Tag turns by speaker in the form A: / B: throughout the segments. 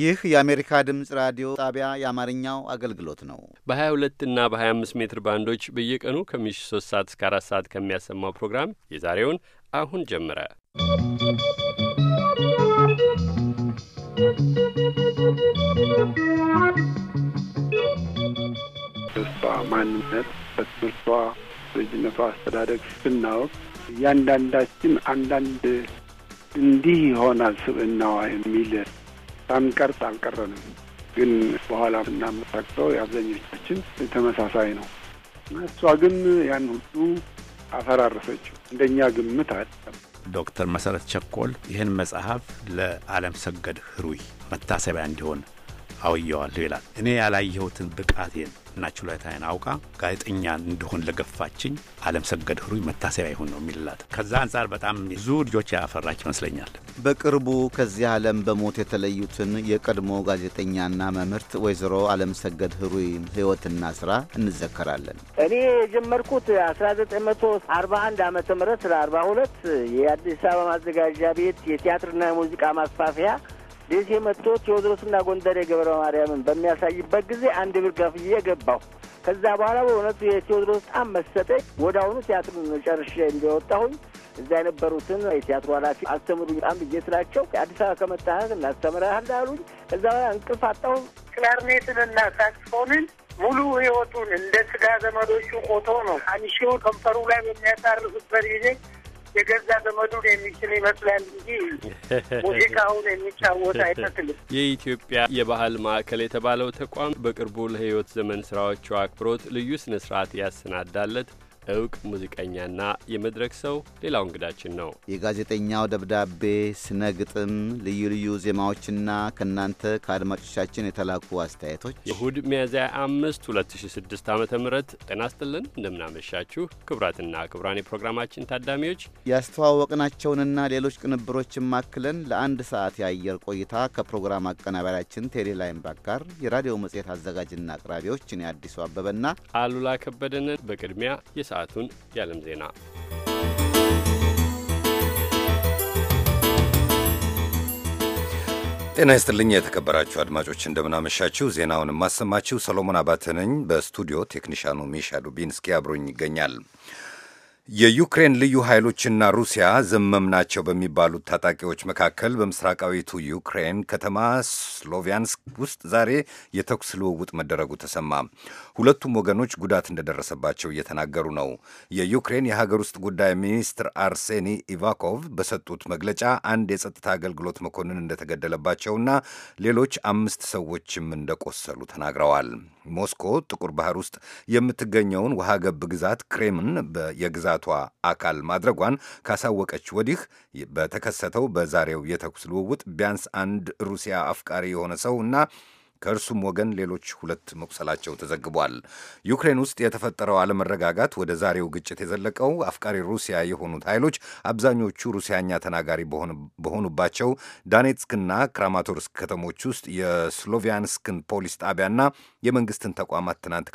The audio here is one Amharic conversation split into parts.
A: ይህ የአሜሪካ ድምፅ ራዲዮ ጣቢያ የአማርኛው አገልግሎት ነው።
B: በ22 እና በ25 ሜትር ባንዶች በየቀኑ ከምሽቱ 3 ሰዓት እስከ 4 ሰዓት ከሚያሰማው ፕሮግራም የዛሬውን አሁን ጀመረ። እሷ
C: ማንነት በትምህርቷ ልጅነቷ አስተዳደግ ስናወቅ እያንዳንዳችን አንዳንድ እንዲህ ይሆናል ስብእናዋ የሚል ሳንቀርጽ አልቀረንም። ግን በኋላ እናመሳቅረው የአብዛኞቻችን ተመሳሳይ ነው። እሷ ግን ያን ሁሉ አፈራረሰችው። እንደኛ ግምት አይደለም።
D: ዶክተር መሰረት ቸኮል ይህን መጽሐፍ ለዓለም ሰገድ ህሩይ መታሰቢያ እንዲሆን አውየዋለሁ ይላል። እኔ ያላየሁትን ብቃቴን እና ችሎታዬን አውቃ ጋዜጠኛ እንደሆን ለገፋችኝ አለም ሰገድ ህሩይ መታሰቢያ ይሁን ነው የሚልላት። ከዛ አንጻር በጣም ብዙ ልጆች ያፈራች ይመስለኛል።
A: በቅርቡ ከዚህ ዓለም በሞት የተለዩትን የቀድሞ ጋዜጠኛና መምህርት ወይዘሮ አለም ሰገድ ህሩይ ህይወትና ስራ እንዘከራለን።
E: እኔ የጀመርኩት 1941 ዓ ም 42 የአዲስ አበባ ማዘጋጃ ቤት የቲያትርና የሙዚቃ ማስፋፊያ ደሴ መጥቶ ቴዎድሮስና ጎንደር የገብረ ማርያምን በሚያሳይበት ጊዜ አንድ ብር ከፍዬ ገባሁ። ከዛ በኋላ በእውነቱ የቴዎድሮስ ጣም መሰጠኝ። ወደ አሁኑ ቲያትሩን ጨርሼ እንደወጣሁኝ እዛ የነበሩትን የቲያትሩ ኃላፊ አስተምሩኝ በጣም ብዬ ስላቸው አዲስ አበባ ከመጣህ እናስተምርሃል አሉኝ።
F: ከዛ በኋላ እንቅልፍ አጣሁ። ክላርኔትንና ሳክስፎንን ሙሉ ህይወቱን እንደ ስጋ ዘመዶቹ ቆቶ ነው አንሺው ከንፈሩ ላይ በሚያሳርፍበት ጊዜ የገዛ ዘመዱን የሚችል ይመስላል እንጂ ሙዚቃውን የሚጫወት አይመስልም።
B: የኢትዮጵያ የባህል ማዕከል የተባለው ተቋም በቅርቡ ለህይወት ዘመን ስራዎቹ አክብሮት ልዩ ስነ ስርዓት ያሰናዳለት እውቅ ሙዚቀኛና የመድረክ ሰው ሌላው እንግዳችን ነው።
A: የጋዜጠኛው ደብዳቤ፣ ስነ ግጥም፣ ልዩ ልዩ ዜማዎችና ከእናንተ ከአድማጮቻችን የተላኩ አስተያየቶች
B: እሁድ ሚያዝያ አምስት 2006 ዓ ም ጤና እንደምናመሻችሁ ክቡራትና ክቡራን የፕሮግራማችን ታዳሚዎች
A: ያስተዋወቅናቸውንና ሌሎች ቅንብሮችን ማክለን ለአንድ ሰዓት የአየር ቆይታ ከፕሮግራም አቀናባሪያችን ቴሌ ላይምባክ ጋር የራዲዮ መጽሔት አዘጋጅና አቅራቢዎች እኔ አዲሱ አበበና
B: አሉላ ከበደንን በቅድሚያ የሰ የሰዓቱን የዓለም ዜና
G: ጤና ይስጥልኝ የተከበራችሁ አድማጮች፣ እንደምናመሻችሁ። ዜናውን የማሰማችሁ ሰሎሞን አባተ ነኝ። በስቱዲዮ ቴክኒሻኑ ሚሻ ዱቢንስኪ አብሮኝ ይገኛል። የዩክሬን ልዩ ኃይሎችና ሩሲያ ዘመም ናቸው በሚባሉት ታጣቂዎች መካከል በምስራቃዊቱ ዩክሬን ከተማ ስሎቪያንስክ ውስጥ ዛሬ የተኩስ ልውውጥ መደረጉ ተሰማ። ሁለቱም ወገኖች ጉዳት እንደደረሰባቸው እየተናገሩ ነው። የዩክሬን የሀገር ውስጥ ጉዳይ ሚኒስትር አርሴኒ ኢቫኮቭ በሰጡት መግለጫ አንድ የጸጥታ አገልግሎት መኮንን እንደተገደለባቸውና ሌሎች አምስት ሰዎችም እንደቆሰሉ ተናግረዋል። ሞስኮ ጥቁር ባህር ውስጥ የምትገኘውን ውሃ ገብ ግዛት ክሬምን የግዛቷ አካል ማድረጓን ካሳወቀች ወዲህ በተከሰተው በዛሬው የተኩስ ልውውጥ ቢያንስ አንድ ሩሲያ አፍቃሪ የሆነ ሰው እና ከእርሱም ወገን ሌሎች ሁለት መቁሰላቸው ተዘግቧል። ዩክሬን ውስጥ የተፈጠረው አለመረጋጋት ወደ ዛሬው ግጭት የዘለቀው አፍቃሪ ሩሲያ የሆኑት ኃይሎች አብዛኞቹ ሩሲያኛ ተናጋሪ በሆኑባቸው ዳኔትስክና ክራማቶርስክ ከተሞች ውስጥ የስሎቪያንስክን ፖሊስ ጣቢያና የመንግስትን ተቋማት ትናንት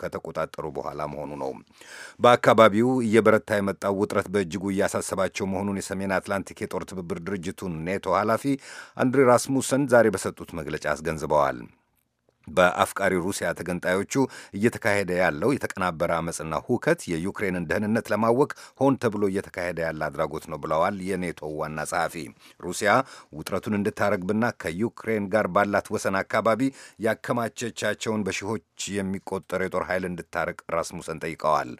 G: ከተቆጣጠሩ በኋላ መሆኑ ነው። በአካባቢው እየበረታ የመጣው ውጥረት በእጅጉ እያሳሰባቸው መሆኑን የሰሜን አትላንቲክ የጦር ትብብር ድርጅቱን ኔቶ ኃላፊ አንድሪ ራስሙሰን ዛሬ በሰጡት መግለጫ አስገንዝበዋል። በአፍቃሪ ሩሲያ ተገንጣዮቹ እየተካሄደ ያለው የተቀናበረ አመፅና ሁከት የዩክሬንን ደህንነት ለማወክ ሆን ተብሎ እየተካሄደ ያለ አድራጎት ነው ብለዋል የኔቶ ዋና ጸሐፊ። ሩሲያ ውጥረቱን እንድታረግብና ከዩክሬን ጋር ባላት ወሰን አካባቢ ያከማቸቻቸውን በሺዎች የሚቆጠር የጦር ኃይል እንድታርቅ ራስሙሰን ጠይቀዋል።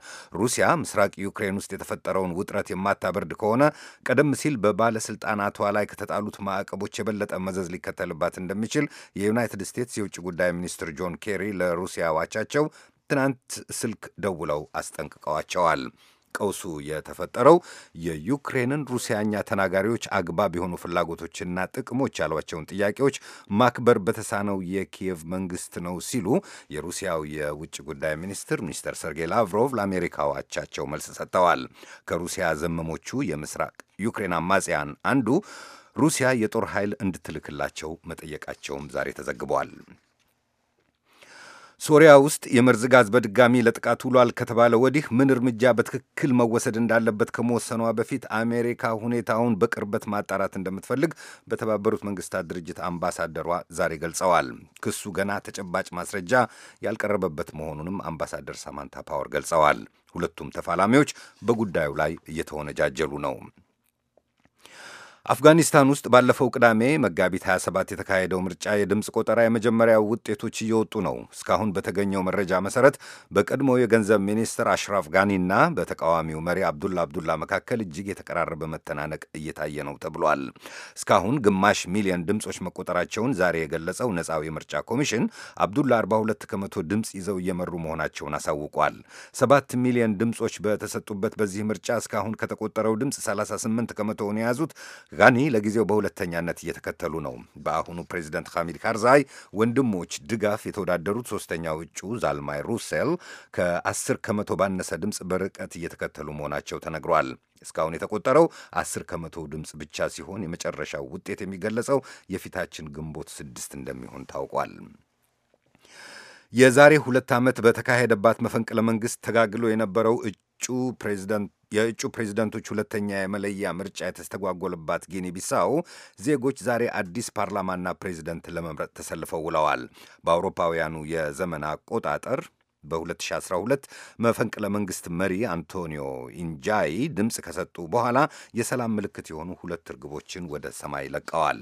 G: ሩሲያ ምስራቅ ዩክሬን ውስጥ የተፈጠረውን ውጥረት የማታበርድ ከሆነ ቀደም ሲል በባለስልጣናቷ ላይ ከተጣሉት ማዕቀቦች የበለጠ መዘዝ ሊከተልባት እንደሚችል የዩናይትድ ስቴትስ የውጭ ጉዳይ ሚኒስትር ጆን ኬሪ ለሩሲያ ዋቻቸው ትናንት ስልክ ደውለው አስጠንቅቀዋቸዋል። ቀውሱ የተፈጠረው የዩክሬንን ሩሲያኛ ተናጋሪዎች አግባብ የሆኑ ፍላጎቶችና ጥቅሞች ያሏቸውን ጥያቄዎች ማክበር በተሳነው የኪየቭ መንግስት ነው ሲሉ የሩሲያው የውጭ ጉዳይ ሚኒስትር ሚስተር ሰርጌይ ላቭሮቭ ለአሜሪካው አቻቸው መልስ ሰጥተዋል። ከሩሲያ ዘመሞቹ የምስራቅ ዩክሬን አማጽያን አንዱ ሩሲያ የጦር ኃይል እንድትልክላቸው መጠየቃቸውም ዛሬ ተዘግበዋል። ሶሪያ ውስጥ የመርዝ ጋዝ በድጋሚ ለጥቃት ውሏል ከተባለ ወዲህ ምን እርምጃ በትክክል መወሰድ እንዳለበት ከመወሰኗ በፊት አሜሪካ ሁኔታውን በቅርበት ማጣራት እንደምትፈልግ በተባበሩት መንግስታት ድርጅት አምባሳደሯ ዛሬ ገልጸዋል። ክሱ ገና ተጨባጭ ማስረጃ ያልቀረበበት መሆኑንም አምባሳደር ሳማንታ ፓወር ገልጸዋል። ሁለቱም ተፋላሚዎች በጉዳዩ ላይ እየተወነጃጀሉ ነው። አፍጋኒስታን ውስጥ ባለፈው ቅዳሜ መጋቢት 27 የተካሄደው ምርጫ የድምፅ ቆጠራ የመጀመሪያ ውጤቶች እየወጡ ነው። እስካሁን በተገኘው መረጃ መሰረት በቀድሞ የገንዘብ ሚኒስትር አሽራፍ ጋኒና በተቃዋሚው መሪ አብዱላ አብዱላ መካከል እጅግ የተቀራረበ መተናነቅ እየታየ ነው ተብሏል። እስካሁን ግማሽ ሚሊዮን ድምፆች መቆጠራቸውን ዛሬ የገለጸው ነፃው የምርጫ ኮሚሽን አብዱላ 42 ከመቶ ድምፅ ይዘው እየመሩ መሆናቸውን አሳውቋል። 7 ሚሊዮን ድምፆች በተሰጡበት በዚህ ምርጫ እስካሁን ከተቆጠረው ድምፅ 38 ከመቶውን የያዙት ጋኒ ለጊዜው በሁለተኛነት እየተከተሉ ነው። በአሁኑ ፕሬዚደንት ሐሚድ ካርዛይ ወንድሞች ድጋፍ የተወዳደሩት ሶስተኛው እጩ ዛልማይ ሩሴል ከአስር ከመቶ ባነሰ ድምፅ በርቀት እየተከተሉ መሆናቸው ተነግሯል። እስካሁን የተቆጠረው አስር ከመቶ ድምፅ ብቻ ሲሆን የመጨረሻው ውጤት የሚገለጸው የፊታችን ግንቦት ስድስት እንደሚሆን ታውቋል። የዛሬ ሁለት ዓመት በተካሄደባት መፈንቅለ መንግሥት ተጋግሎ የነበረው እጩ ፕሬዚደንት የእጩ ፕሬዚደንቶች ሁለተኛ የመለያ ምርጫ የተስተጓጎለባት ጊኒ ቢሳው ዜጎች ዛሬ አዲስ ፓርላማና ፕሬዚደንት ለመምረጥ ተሰልፈው ውለዋል። በአውሮፓውያኑ የዘመን አቆጣጠር በ2012 መፈንቅለ መንግስት መሪ አንቶኒዮ ኢንጃይ ድምፅ ከሰጡ በኋላ የሰላም ምልክት የሆኑ ሁለት እርግቦችን ወደ ሰማይ ለቀዋል።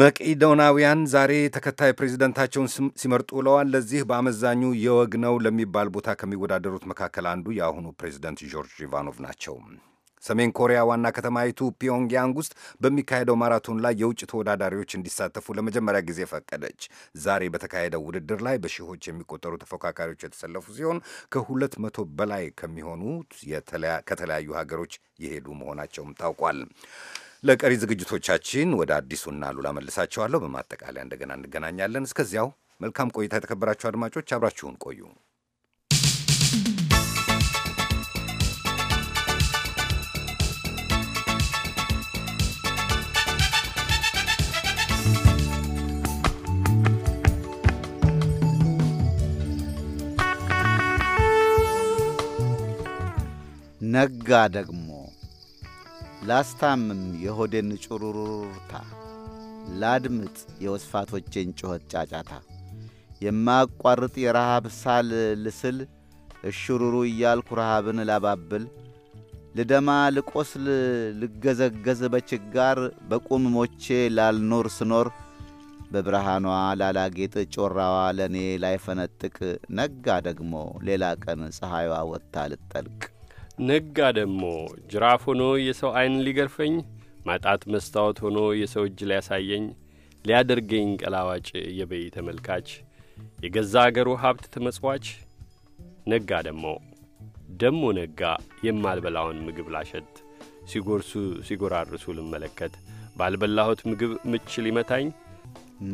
G: መቄዶናውያን ዛሬ ተከታይ ፕሬዚደንታቸውን ሲመርጡ ውለዋል። ለዚህ በአመዛኙ የወግ ነው ለሚባል ቦታ ከሚወዳደሩት መካከል አንዱ የአሁኑ ፕሬዚደንት ጆርጅ ኢቫኖቭ ናቸው። ሰሜን ኮሪያ ዋና ከተማይቱ ፒዮንግያንግ ውስጥ በሚካሄደው ማራቶን ላይ የውጭ ተወዳዳሪዎች እንዲሳተፉ ለመጀመሪያ ጊዜ ፈቀደች። ዛሬ በተካሄደው ውድድር ላይ በሺዎች የሚቆጠሩ ተፎካካሪዎች የተሰለፉ ሲሆን ከሁለት መቶ በላይ ከሚሆኑ ከተለያዩ ሀገሮች የሄዱ መሆናቸውም ታውቋል። ለቀሪ ዝግጅቶቻችን ወደ አዲሱና ሉላ መልሳቸዋለሁ። በማጠቃለያ እንደገና እንገናኛለን። እስከዚያው መልካም ቆይታ። የተከበራችሁ አድማጮች አብራችሁን ቆዩ።
A: ነጋ ደግሞ ላስታምም የሆዴን ጩሩሩርታ፣ ላድምጥ የወስፋቶቼን ጩኸት ጫጫታ፣ የማቋርጥ የረሃብ ሳል ልስል፣ እሽሩሩ እያልኩ ረሃብን ላባብል፣ ልደማ ልቆስል ልገዘገዝ በችጋር፣ በቁም ሞቼ ላልኖር ስኖር፣ በብርሃኗ ላላጌጥ ጮራዋ ለእኔ ላይፈነጥቅ፣ ነጋ ደግሞ ሌላ ቀን ፀሐይዋ ወጥታ ልጠልቅ።
B: ነጋ ደግሞ ጅራፍ ሆኖ የሰው ዐይን ሊገርፈኝ ማጣት መስታወት ሆኖ የሰው እጅ ሊያሳየኝ ሊያደርገኝ ቀላዋጭ የበይ ተመልካች የገዛ አገሩ ሀብት ተመጽዋች ነጋ ደግሞ ደሞ ነጋ የማልበላውን ምግብ ላሸት ሲጎርሱ ሲጎራርሱ ልመለከት ባልበላሁት ምግብ ምች ሊመታኝ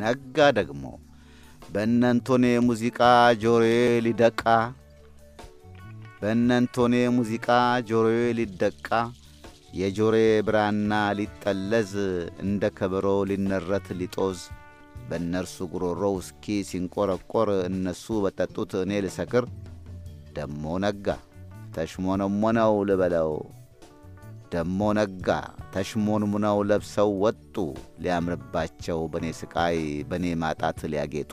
B: ነጋ ደግሞ
A: በእነንቶኔ ሙዚቃ ጆሬ ሊደቃ በእነንቶኔ ሙዚቃ ጆሮዬ ሊደቃ የጆሮዬ ብራና ሊጠለዝ እንደ ከበሮ ሊነረት ሊጦዝ በእነርሱ ጉሮሮ ውስኪ ሲንቆረቆር እነሱ በጠጡት እኔ ልሰክር ደሞ ነጋ ተሽሞነሞነው ልበለው ደሞ ነጋ ተሽሞንሙነው ለብሰው ወጡ ሊያምርባቸው በእኔ ስቃይ በእኔ ማጣት ሊያጌጡ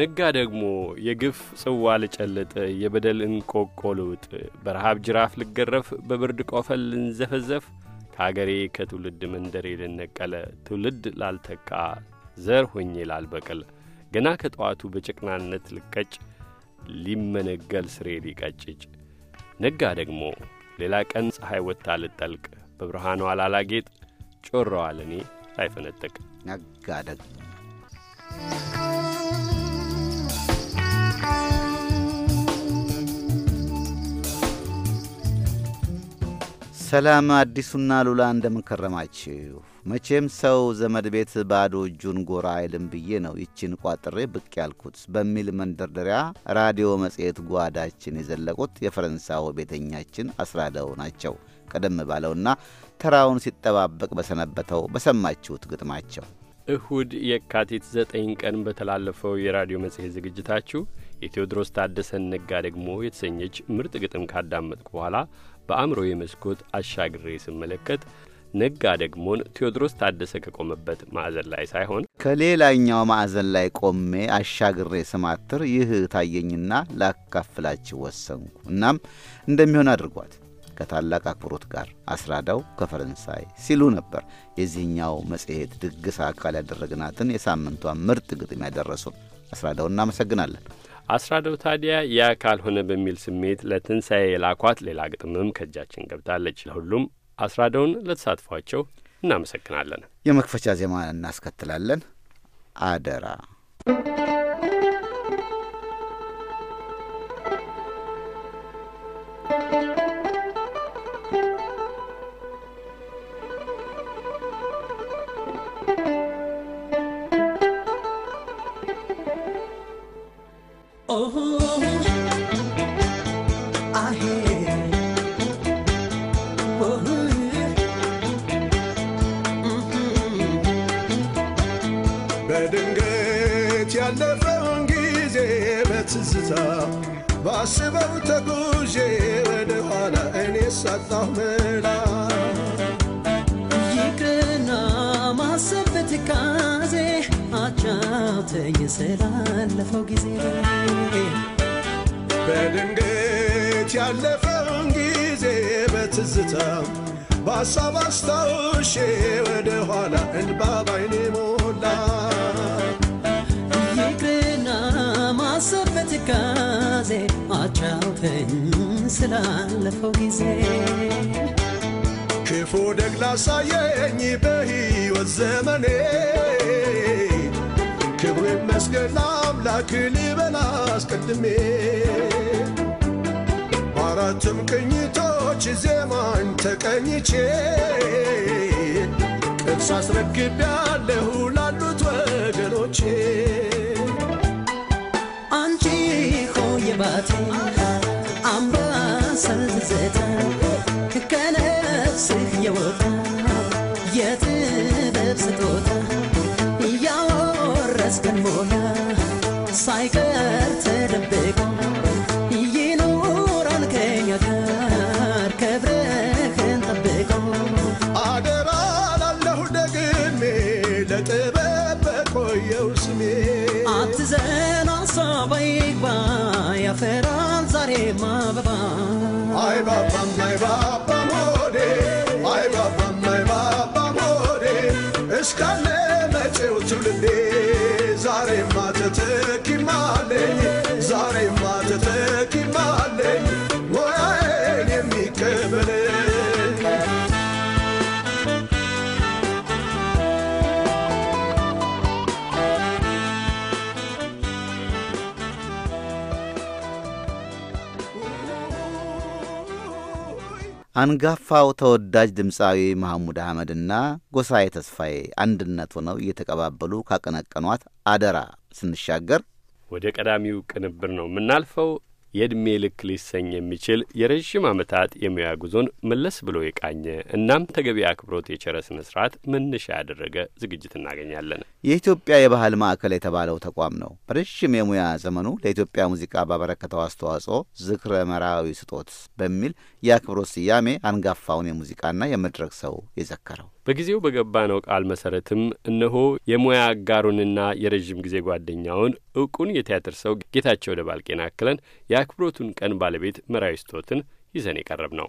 B: ነጋ ደግሞ የግፍ ጽዋ ልጨልጥ፣ የበደል እንቆቆ ልውጥ፣ በረሃብ ጅራፍ ልገረፍ፣ በብርድ ቆፈል ልንዘፈዘፍ፣ ከአገሬ ከትውልድ መንደሬ ልነቀለ፣ ትውልድ ላልተካ ዘር ሆኜ ላልበቅል፣ ገና ከጠዋቱ በጨቅናነት ልቀጭ፣ ሊመነገል ስሬ ሊቀጭጭ። ነጋ ደግሞ ሌላ ቀን ፀሐይ ወጥታ ልጠልቅ፣ በብርሃኗ ላላጌጥ፣ ጮረዋል እኔ ሳይፈነጥቅ ነጋ ደግሞ
A: ሰላም አዲሱና ሉላ እንደምንከረማችሁ። መቼም ሰው ዘመድ ቤት ባዶ እጁን ጎራ አይልም ብዬ ነው ይችን ቋጥሬ ብቅ ያልኩት በሚል መንደርደሪያ ራዲዮ መጽሔት ጓዳችን የዘለቁት የፈረንሳው ቤተኛችን አስራደው ናቸው። ቀደም ባለውና ተራውን ሲጠባበቅ በሰነበተው በሰማችሁት ግጥማቸው
B: እሁድ የካቲት ዘጠኝ ቀን በተላለፈው የራዲዮ መጽሔት ዝግጅታችሁ የቴዎድሮስ ታደሰን ነጋ ደግሞ የተሰኘች ምርጥ ግጥም ካዳመጥኩ በኋላ በአእምሮ የመስኮት አሻግሬ ስመለከት ነጋ ደግሞን ቴዎድሮስ ታደሰ ከቆመበት ማዕዘን ላይ ሳይሆን
A: ከሌላኛው ማዕዘን ላይ ቆሜ አሻግሬ ስማትር ይህ ታየኝና ላካፍላችሁ ወሰንኩ። እናም እንደሚሆን አድርጓት ከታላቅ አክብሮት ጋር አስራዳው ከፈረንሳይ ሲሉ ነበር የዚህኛው መጽሔት ድግስ አካል ያደረግናትን የሳምንቷን ምርጥ ግጥም ያደረሱን። አስራዳው እናመሰግናለን።
B: አስራደው ታዲያ ያ ካልሆነ በሚል ስሜት ለትንሣኤ የላኳት ሌላ ግጥምም ከእጃችን ገብታለች። ለሁሉም አስራደውን ለተሳትፏቸው እናመሰግናለን።
A: የመክፈቻ ዜማ እናስከትላለን። አደራ
H: ባስበው ተጉዤ ወደ ኋላ እኔ ሳጣሁ ምላ
I: ይቅርና ማሰብ በትካዜ አጫውተኝ ስላለፈው ጊዜ በድንገት ያለፈውን ጊዜ
H: በትዝታ ባሳብ አስታውሼ ወደ ኋላ እንባ ባይኔ
I: ሞላ በትካዜ አጫውተኝ ስላለፈው ጊዜ ክፉ ደግ
H: ላሳየኝ በሕይወት ዘመኔ ክብሩ ይመስገን አምላክ ልበላ አስቀድሜ በአራትም ቅኝቶች ዜማን ተቀኝቼ ቅርስ አስረክቤያለሁ
I: ላሉት ወገኖቼ ባቲ አምባሰል ትዝታ ከነፍስህ የወጣ የጥበብ ስጦታ እያወረስከን ሞያ ሳይቀር
A: አንጋፋው ተወዳጅ ድምፃዊ መሐሙድ አህመድና ጎሳዬ ተስፋዬ አንድነት ሆነው እየተቀባበሉ ካቀነቀኗት አደራ ስንሻገር
B: ወደ ቀዳሚው ቅንብር ነው የምናልፈው። የዕድሜ ልክ ሊሰኝ የሚችል የረዥም ዓመታት የሙያ ጉዞን መለስ ብሎ የቃኘ እናም ተገቢ አክብሮት የቸረ ስነ ስርዓት መነሻ ያደረገ ዝግጅት እናገኛለን።
A: የኢትዮጵያ የባህል ማዕከል የተባለው ተቋም ነው በረዥም የሙያ ዘመኑ ለኢትዮጵያ ሙዚቃ ባበረከተው አስተዋጽኦ ዝክረ መራዊ ስጦት በሚል የአክብሮት ስያሜ አንጋፋውን የሙዚቃና የመድረክ ሰው የዘከረው።
B: በጊዜው በገባነው ቃል መሰረትም እነሆ የሙያ አጋሩንና የረዥም ጊዜ ጓደኛውን እውቁን የቲያትር ሰው ጌታቸው ደባልቄን አክለን የአክብሮቱን ቀን ባለቤት መራዊ ስቶትን ይዘን የቀረብ ነው።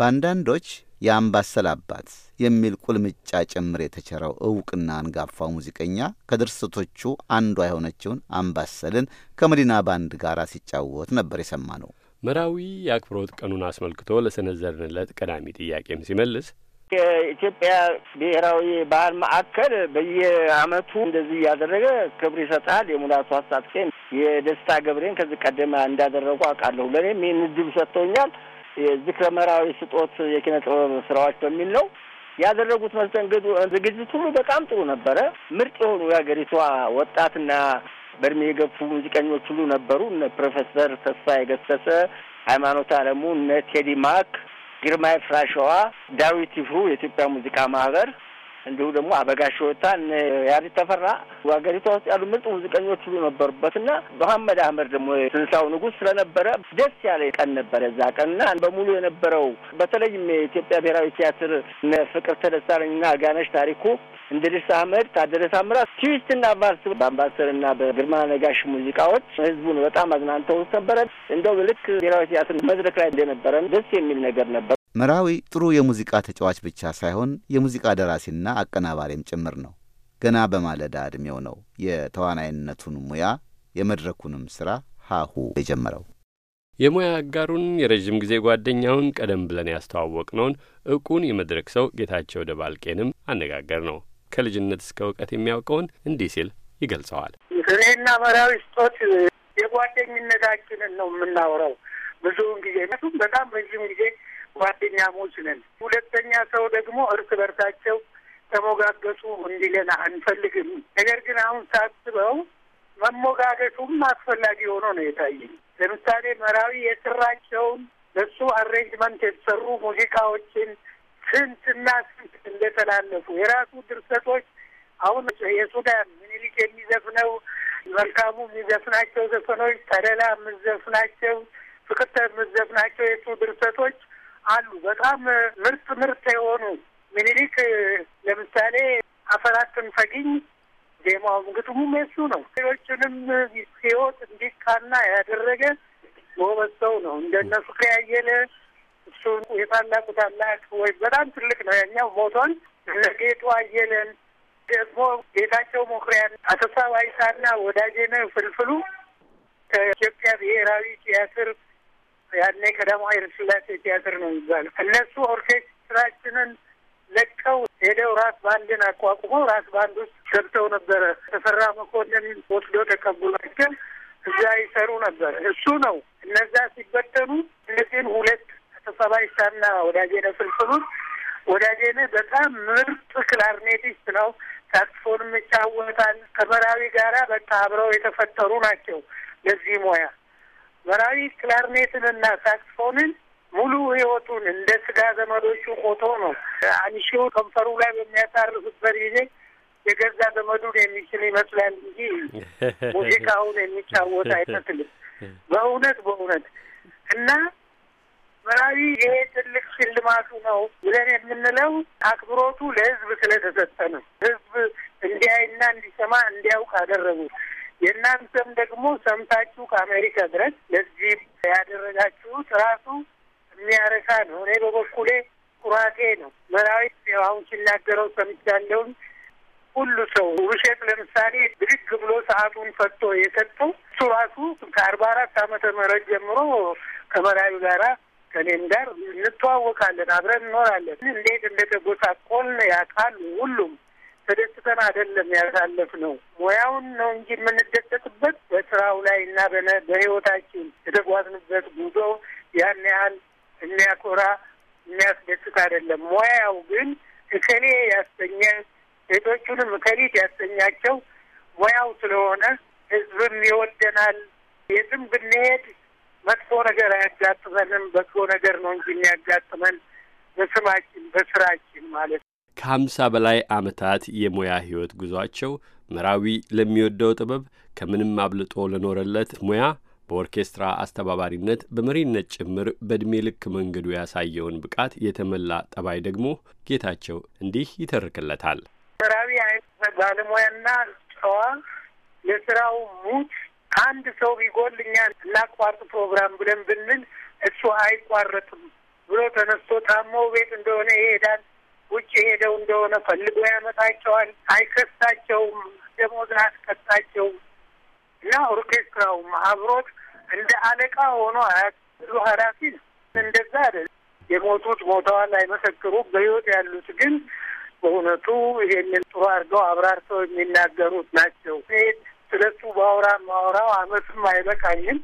A: በአንዳንዶች የአምባሰል አባት የሚል ቁልምጫ ጭምር የተቸረው እውቅና አንጋፋው ሙዚቀኛ ከድርስቶቹ አንዷ የሆነችውን አምባሰልን ከመዲና ባንድ ጋር ሲጫወት ነበር የሰማ ነው።
B: መራዊ የአክብሮት ቀኑን አስመልክቶ ለሰነዘርንለት ቀዳሚ ጥያቄም ሲመልስ
A: የኢትዮጵያ ብሔራዊ ባህል ማዕከል
E: በየዓመቱ እንደዚህ እያደረገ ክብር ይሰጣል። የሙላቱ አስታጥቄ፣ የደስታ ገብሬን ከዚህ ቀደም እንዳደረጉ አውቃለሁ። ለእኔም ይህን እድል ሰጥቶኛል። የዝክረ መራዊ ስጦት የኪነ ጥበብ ስራዎች በሚል ነው ያደረጉት መስተንግዶ ዝግጅት ሁሉ በጣም ጥሩ ነበረ። ምርጥ የሆኑ የሀገሪቷ ወጣትና በእድሜ የገፉ ሙዚቀኞች ሁሉ ነበሩ። እነ ፕሮፌሰር ተስፋዬ ገሰሰ፣ ሃይማኖት አለሙ፣ እነ ቴዲ ማክ፣ ግርማይ ፍራሸዋ፣ ዳዊት ይፍሩ የኢትዮጵያ ሙዚቃ ማህበር እንዲሁ ደግሞ አበጋሽ ሆታ እነ ያሪ ተፈራ ሀገሪቷ ውስጥ ያሉ ምርጥ ሙዚቀኞች ሁሉ ነበሩበት እና መሐመድ አህመድ ደግሞ ትንሳኤው ንጉስ ስለነበረ ደስ ያለ ቀን ነበረ እዛ ቀን እና በሙሉ የነበረው በተለይም የኢትዮጵያ ብሔራዊ ቲያትር ፍቅር ተደሳለኝ ና አጋነሽ ታሪኩ እንድሪስ አህመድ፣ ታደለ ታምራት፣ ትዊስትና ቫልስ ና በግርማ ነጋሽ ሙዚቃዎች ህዝቡን በጣም አዝናንተው ነበረ። እንደው ልክ ብሔራዊ ቲያትር መድረክ ላይ እንደነበረ ደስ የሚል ነገር ነበር።
A: መራዊ ጥሩ የሙዚቃ ተጫዋች ብቻ ሳይሆን የሙዚቃ ደራሲና አቀናባሪም ጭምር ነው። ገና በማለዳ ዕድሜው ነው የተዋናይነቱን ሙያ የመድረኩንም ሥራ ሀሁ የጀመረው።
B: የሙያ አጋሩን የረዥም ጊዜ ጓደኛውን ቀደም ብለን ያስተዋወቅነውን እውቁን የመድረክ ሰው ጌታቸው ደባልቄንም አነጋገር ነው። ከልጅነት እስከ እውቀት የሚያውቀውን እንዲህ ሲል ይገልጸዋል።
F: እኔና መራዊ ስጦት የጓደኝነታችንን ነው የምናውረው ብዙውን ጊዜ ነቱም በጣም ረዥም ጊዜ ጓደኛሞች ነን። ሁለተኛ ሰው ደግሞ እርስ በርሳቸው ተሞጋገሱ እንዲለን አንፈልግም። ነገር ግን አሁን ሳስበው መሞጋገሱም አስፈላጊ ሆኖ ነው የታየኝ። ለምሳሌ መራዊ የሰራቸውን በሱ አሬንጅመንት የተሰሩ ሙዚቃዎችን ስንትና ስንት እንደተላለፉ የራሱ ድርሰቶች አሁን የሱዳን ምኒልክ የሚዘፍነው መልካሙ የሚዘፍናቸው ዘፈኖች፣ ተደላ የምዘፍናቸው፣ ፍቅርተ የምዘፍናቸው የሱ ድርሰቶች አሉ። በጣም ምርጥ ምርጥ የሆኑ ምኒልክ ለምሳሌ አፈራትን ፈግኝ ዜማውም ግጥሙም የሱ ነው። ሌሎችንም ህይወት እንዲካና ያደረገ ጎበዝ ሰው ነው። እንደነ ፍቅሬ አየለ እሱ የታላቁ ታላቅ ወይ በጣም ትልቅ ነው። ያኛው ሞቷል። እነ ጌጡ አየለን ደግሞ ጌታቸው መኩሪያን፣ አቶ ሳባ ወዳጄነህ ፍልፍሉ ከኢትዮጵያ ብሔራዊ ቲያትር ያኔ ቀዳማዊ ኃይለ ሥላሴ ቲያትር ነው የሚባለው። እነሱ ኦርኬስትራችንን ለቀው ሄደው ራስ ባንድን አቋቁሞ ራስ ባንድ ውስጥ ገብተው ነበረ። ተፈራ መኮንን ወስዶ ተቀብሏቸው እዛ ይሰሩ ነበር። እሱ ነው እነዛ ሲበተኑ እነዚህን ሁለት ተሰባይሳና ወዳጄነ ፍልፍሉን ወዳጄነ በጣም ምርጥ ክላርኔቲስት ነው። ሳክስፎንም ይጫወታል። ከበራዊ ጋራ በቃ አብረው የተፈጠሩ ናቸው ለዚህ ሙያ በራዊ ክላርኔትን እና ሳክስፎንን ሙሉ ህይወቱን እንደ ስጋ ዘመዶቹ ቆቶ ነው አንሺ ከንፈሩ ላይ በሚያሳርፍበት ጊዜ የገዛ ዘመዱን የሚችል ይመስላል እንጂ ሙዚቃውን የሚጫወት አይመስልም። በእውነት በእውነት እና መራዊ ይሄ ትልቅ ሽልማቱ ነው ብለን የምንለው አክብሮቱ ለህዝብ ስለተሰጠ ነው። ህዝብ እንዲያይና እንዲሰማ እንዲያውቅ አደረጉት። የእናንተም ደግሞ ሰምታችሁ ከአሜሪካ ድረስ ለዚህ ያደረጋችሁት ራሱ የሚያረካ ነው። እኔ በበኩሌ ኩራቴ ነው። መራዊት አሁን ሲናገረው ሰምቻለሁኝ። ሁሉ ሰው ውብሸት ለምሳሌ ብድግ ብሎ ሰዓቱን ፈቶ የሰጠው እሱ ራሱ ከአርባ አራት ዓመተ ምህረት ጀምሮ ከመራዊ ጋራ ከኔም ጋር እንተዋወቃለን፣ አብረን እንኖራለን። እንዴት እንደተጎሳቆልን ያውቃሉ ሁሉም ተደስተን አይደለም ያሳለፍ ነው። ሙያውን ነው እንጂ የምንደሰትበት በስራው ላይ እና በህይወታችን የተጓዝንበት ጉዞ ያን ያህል የሚያኮራ የሚያስደስት አይደለም። ሙያው ግን እከሌ ያሰኘ ሴቶቹንም እከሊት ያሰኛቸው ሙያው ስለሆነ ህዝብም ይወደናል። የትም ብንሄድ መጥፎ ነገር አያጋጥመንም። በጎ ነገር ነው እንጂ የሚያጋጥመን በስማችን በስራችን ማለት ነው።
B: ከሀምሳ በላይ ዓመታት የሙያ ሕይወት ጉዟቸው ምራዊ ለሚወደው ጥበብ ከምንም አብልጦ ለኖረለት ሙያ በኦርኬስትራ አስተባባሪነት በመሪነት ጭምር በዕድሜ ልክ መንገዱ ያሳየውን ብቃት የተመላ ጠባይ ደግሞ ጌታቸው እንዲህ ይተርክለታል።
F: መራዊ አይነት ባለሙያና ጨዋ፣ ለስራው ሙት። አንድ ሰው ቢጎል እኛ እናቋርጥ ፕሮግራም ብለን ብንል እሱ አይቋረጥም ብሎ ተነስቶ ታሞ ቤት እንደሆነ ይሄዳል ውጭ ሄደው እንደሆነ ፈልጎ ያመጣቸዋል። አይከሳቸውም፣ ደሞዝ አያስከሳቸውም እና ኦርኬስትራው ማህብሮት እንደ አለቃ ሆኖ አያሉ ኃላፊ ነው። እንደዛ አይደለም። የሞቱት ሞተዋል፣ አይመሰክሩም። በህይወት ያሉት ግን በእውነቱ ይሄንን ጥሩ አድርገው አብራርተው የሚናገሩት ናቸው። ስለሱ ባውራ ማውራው አመትም አይበቃኝም።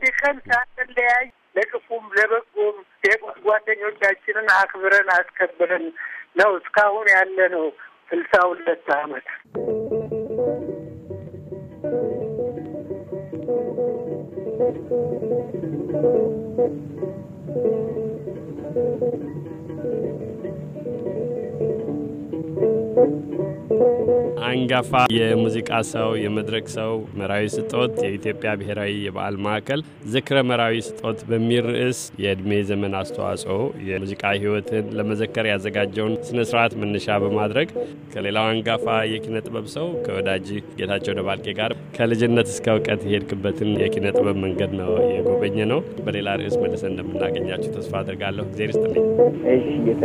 F: ዲከን ሳንለያይ ለክፉም ለበጎም የጓደኞቻችንን አክብረን አስከብረን ነው እስካሁን ያለ ነው ስልሳ ሁለት አመት
B: አንጋፋ የሙዚቃ ሰው የመድረክ ሰው መራዊ ስጦት የኢትዮጵያ ብሔራዊ የበዓል ማዕከል ዝክረ መራዊ ስጦት በሚል ርዕስ የእድሜ ዘመን አስተዋጽኦ የሙዚቃ ሕይወትን ለመዘከር ያዘጋጀውን ስነ ስርዓት መነሻ በማድረግ ከሌላው አንጋፋ የኪነ ጥበብ ሰው ከወዳጅ ጌታቸው ደባልቄ ጋር ከልጅነት እስከ እውቀት የሄድክበትን የኪነ ጥበብ መንገድ ነው የጎበኘ ነው። በሌላ ርዕስ መልሰን እንደምናገኛቸው ተስፋ አድርጋለሁ። እግዜር ይስጥልኝ።
E: እሺ ጌታ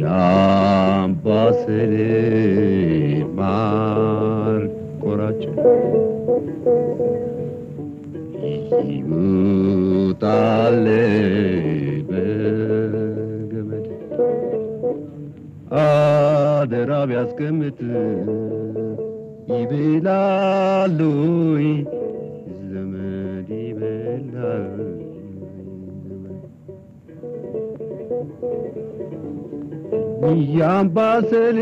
J: የአምባሰል ማር ቆራጭ ይውጣል በገመድ አደራ ቢያስቀምጥ ይበላሉይ ዘመድ ይበላል ያምባሰል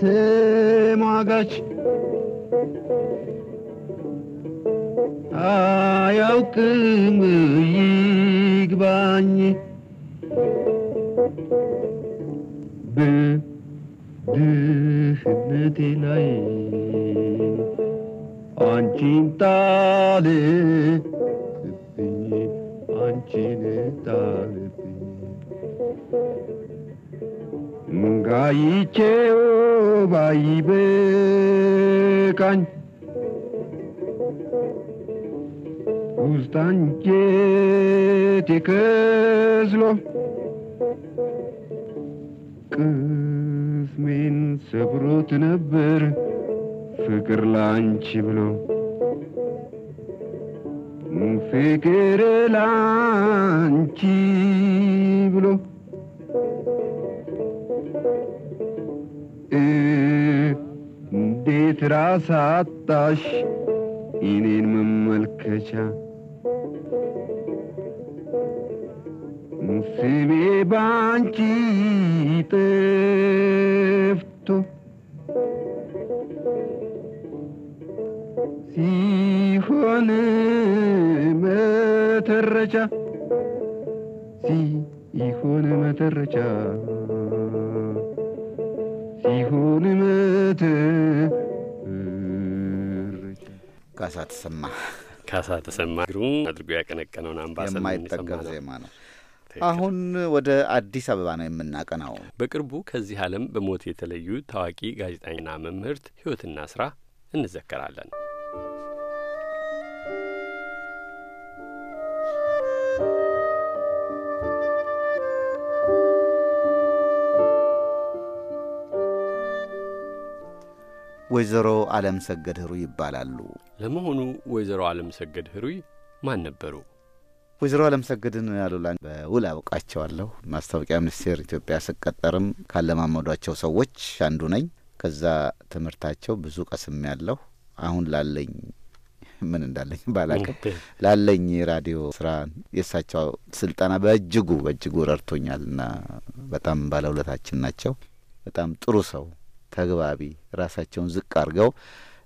J: ተሟጋች አያውቅም ይግባኝ በድህነቴ ላይ አንቺን ጣልብኝ አንቺን ጣልብኝ 外界を外米間 uz tanke te kızlo ቅስሜን ሰብሮት ነበር ፍቅር ላንቺ ብሎ ፍቅር ላንቺ ብሎ እንዴት ራስ አጣሽ እኔን መመልከቻ ስሜ ባንቺ ጠፍቶ ሲሆን መተረቻ ሲሆን መተረቻ ይሁን
B: ካሳ ተሰማ ካሳ ተሰማ ግሩም አድርጎ ያቀነቀነውን አምባሰል የማይጠገብ ዜማ ነው። አሁን
A: ወደ አዲስ አበባ ነው የምናቀናው።
B: በቅርቡ ከዚህ ዓለም በሞት የተለዩ ታዋቂ ጋዜጠኛና መምህርት ሕይወትና ስራ እንዘከራለን።
A: ወይዘሮ ዓለም ሰገድ ህሩይ ይባላሉ።
B: ለመሆኑ ወይዘሮ ዓለም ሰገድ ህሩይ ማን ነበሩ?
A: ወይዘሮ ዓለም ሰገድን አሉላ በውል አውቃቸዋለሁ። ማስታወቂያ ሚኒስቴር ኢትዮጵያ ስቀጠርም ካለማመዷቸው ሰዎች አንዱ ነኝ። ከዛ ትምህርታቸው ብዙ ቀስም ያለሁ አሁን ላለኝ ምን እንዳለኝ ባላቅም ላለኝ የራዲዮ ስራ የእሳቸው ስልጠና በእጅጉ በእጅጉ ረድቶኛል ረድቶኛልና በጣም ባለውለታችን ናቸው። በጣም ጥሩ ሰው ተግባቢ፣ ራሳቸውን ዝቅ አድርገው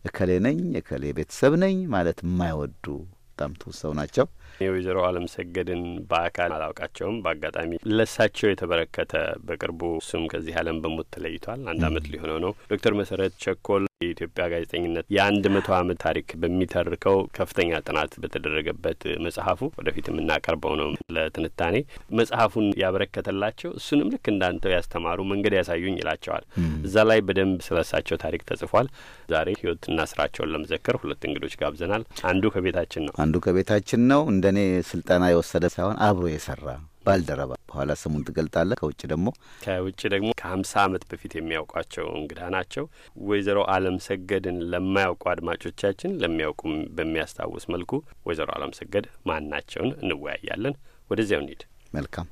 A: እከሌ ነኝ እከሌ ቤተሰብ ነኝ ማለት የማይወዱ በጣም ትሁት ሰው ናቸው።
B: የወይዘሮ አለም ሰገድን በአካል አላውቃቸውም። በአጋጣሚ ለሳቸው የተበረከተ በቅርቡ እሱም ከዚህ ዓለም በሞት ተለይቷል። አንድ አመት ሊሆነው ነው። ዶክተር መሰረት ቸኮል የኢትዮጵያ ጋዜጠኝነት የአንድ መቶ አመት ታሪክ በሚተርከው ከፍተኛ ጥናት በተደረገበት መጽሐፉ ወደፊት የምናቀርበው ነው ለትንታኔ መጽሐፉን ያበረከተላቸው እሱንም ልክ እንዳንተው ያስተማሩ መንገድ ያሳዩኝ ይላቸዋል። እዛ ላይ በደንብ ስለሳቸው ታሪክ ተጽፏል። ዛሬ ህይወትና ስራቸውን ለመዘከር ሁለት እንግዶች ጋብዘናል። አንዱ ከቤታችን ነው፣ አንዱ
A: ከቤታችን ነው። እንደ እኔ ስልጠና የወሰደ ሳይሆን አብሮ የሰራ ባልደረባ በኋላ ስሙን ትገልጣለህ። ከውጭ ደግሞ
B: ከውጭ ደግሞ ከሀምሳ ዓመት በፊት የሚያውቋቸው እንግዳ ናቸው። ወይዘሮ አለም ሰገድን ለማያውቁ አድማጮቻችን ለሚያውቁም በሚያስታውስ መልኩ ወይዘሮ አለም ሰገድ ማን ናቸውን እንወያያለን። ወደዚያው እንሂድ። መልካም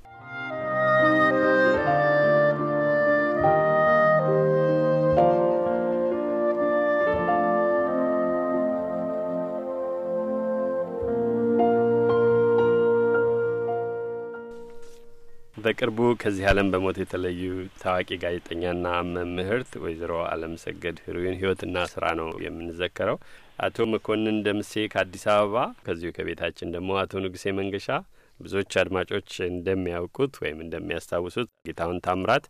B: በቅርቡ ከዚህ ዓለም በሞት የተለዩ ታዋቂ ጋዜጠኛና መምህርት ወይዘሮ አለም ሰገድ ህሩይን ህይወትና ስራ ነው የምንዘከረው። አቶ መኮንን ደምሴ ከአዲስ አበባ፣ ከዚሁ ከቤታችን ደግሞ አቶ ንጉሴ መንገሻ ብዙዎች አድማጮች እንደሚያውቁት ወይም እንደሚያስታውሱት ጌታውን ታምራት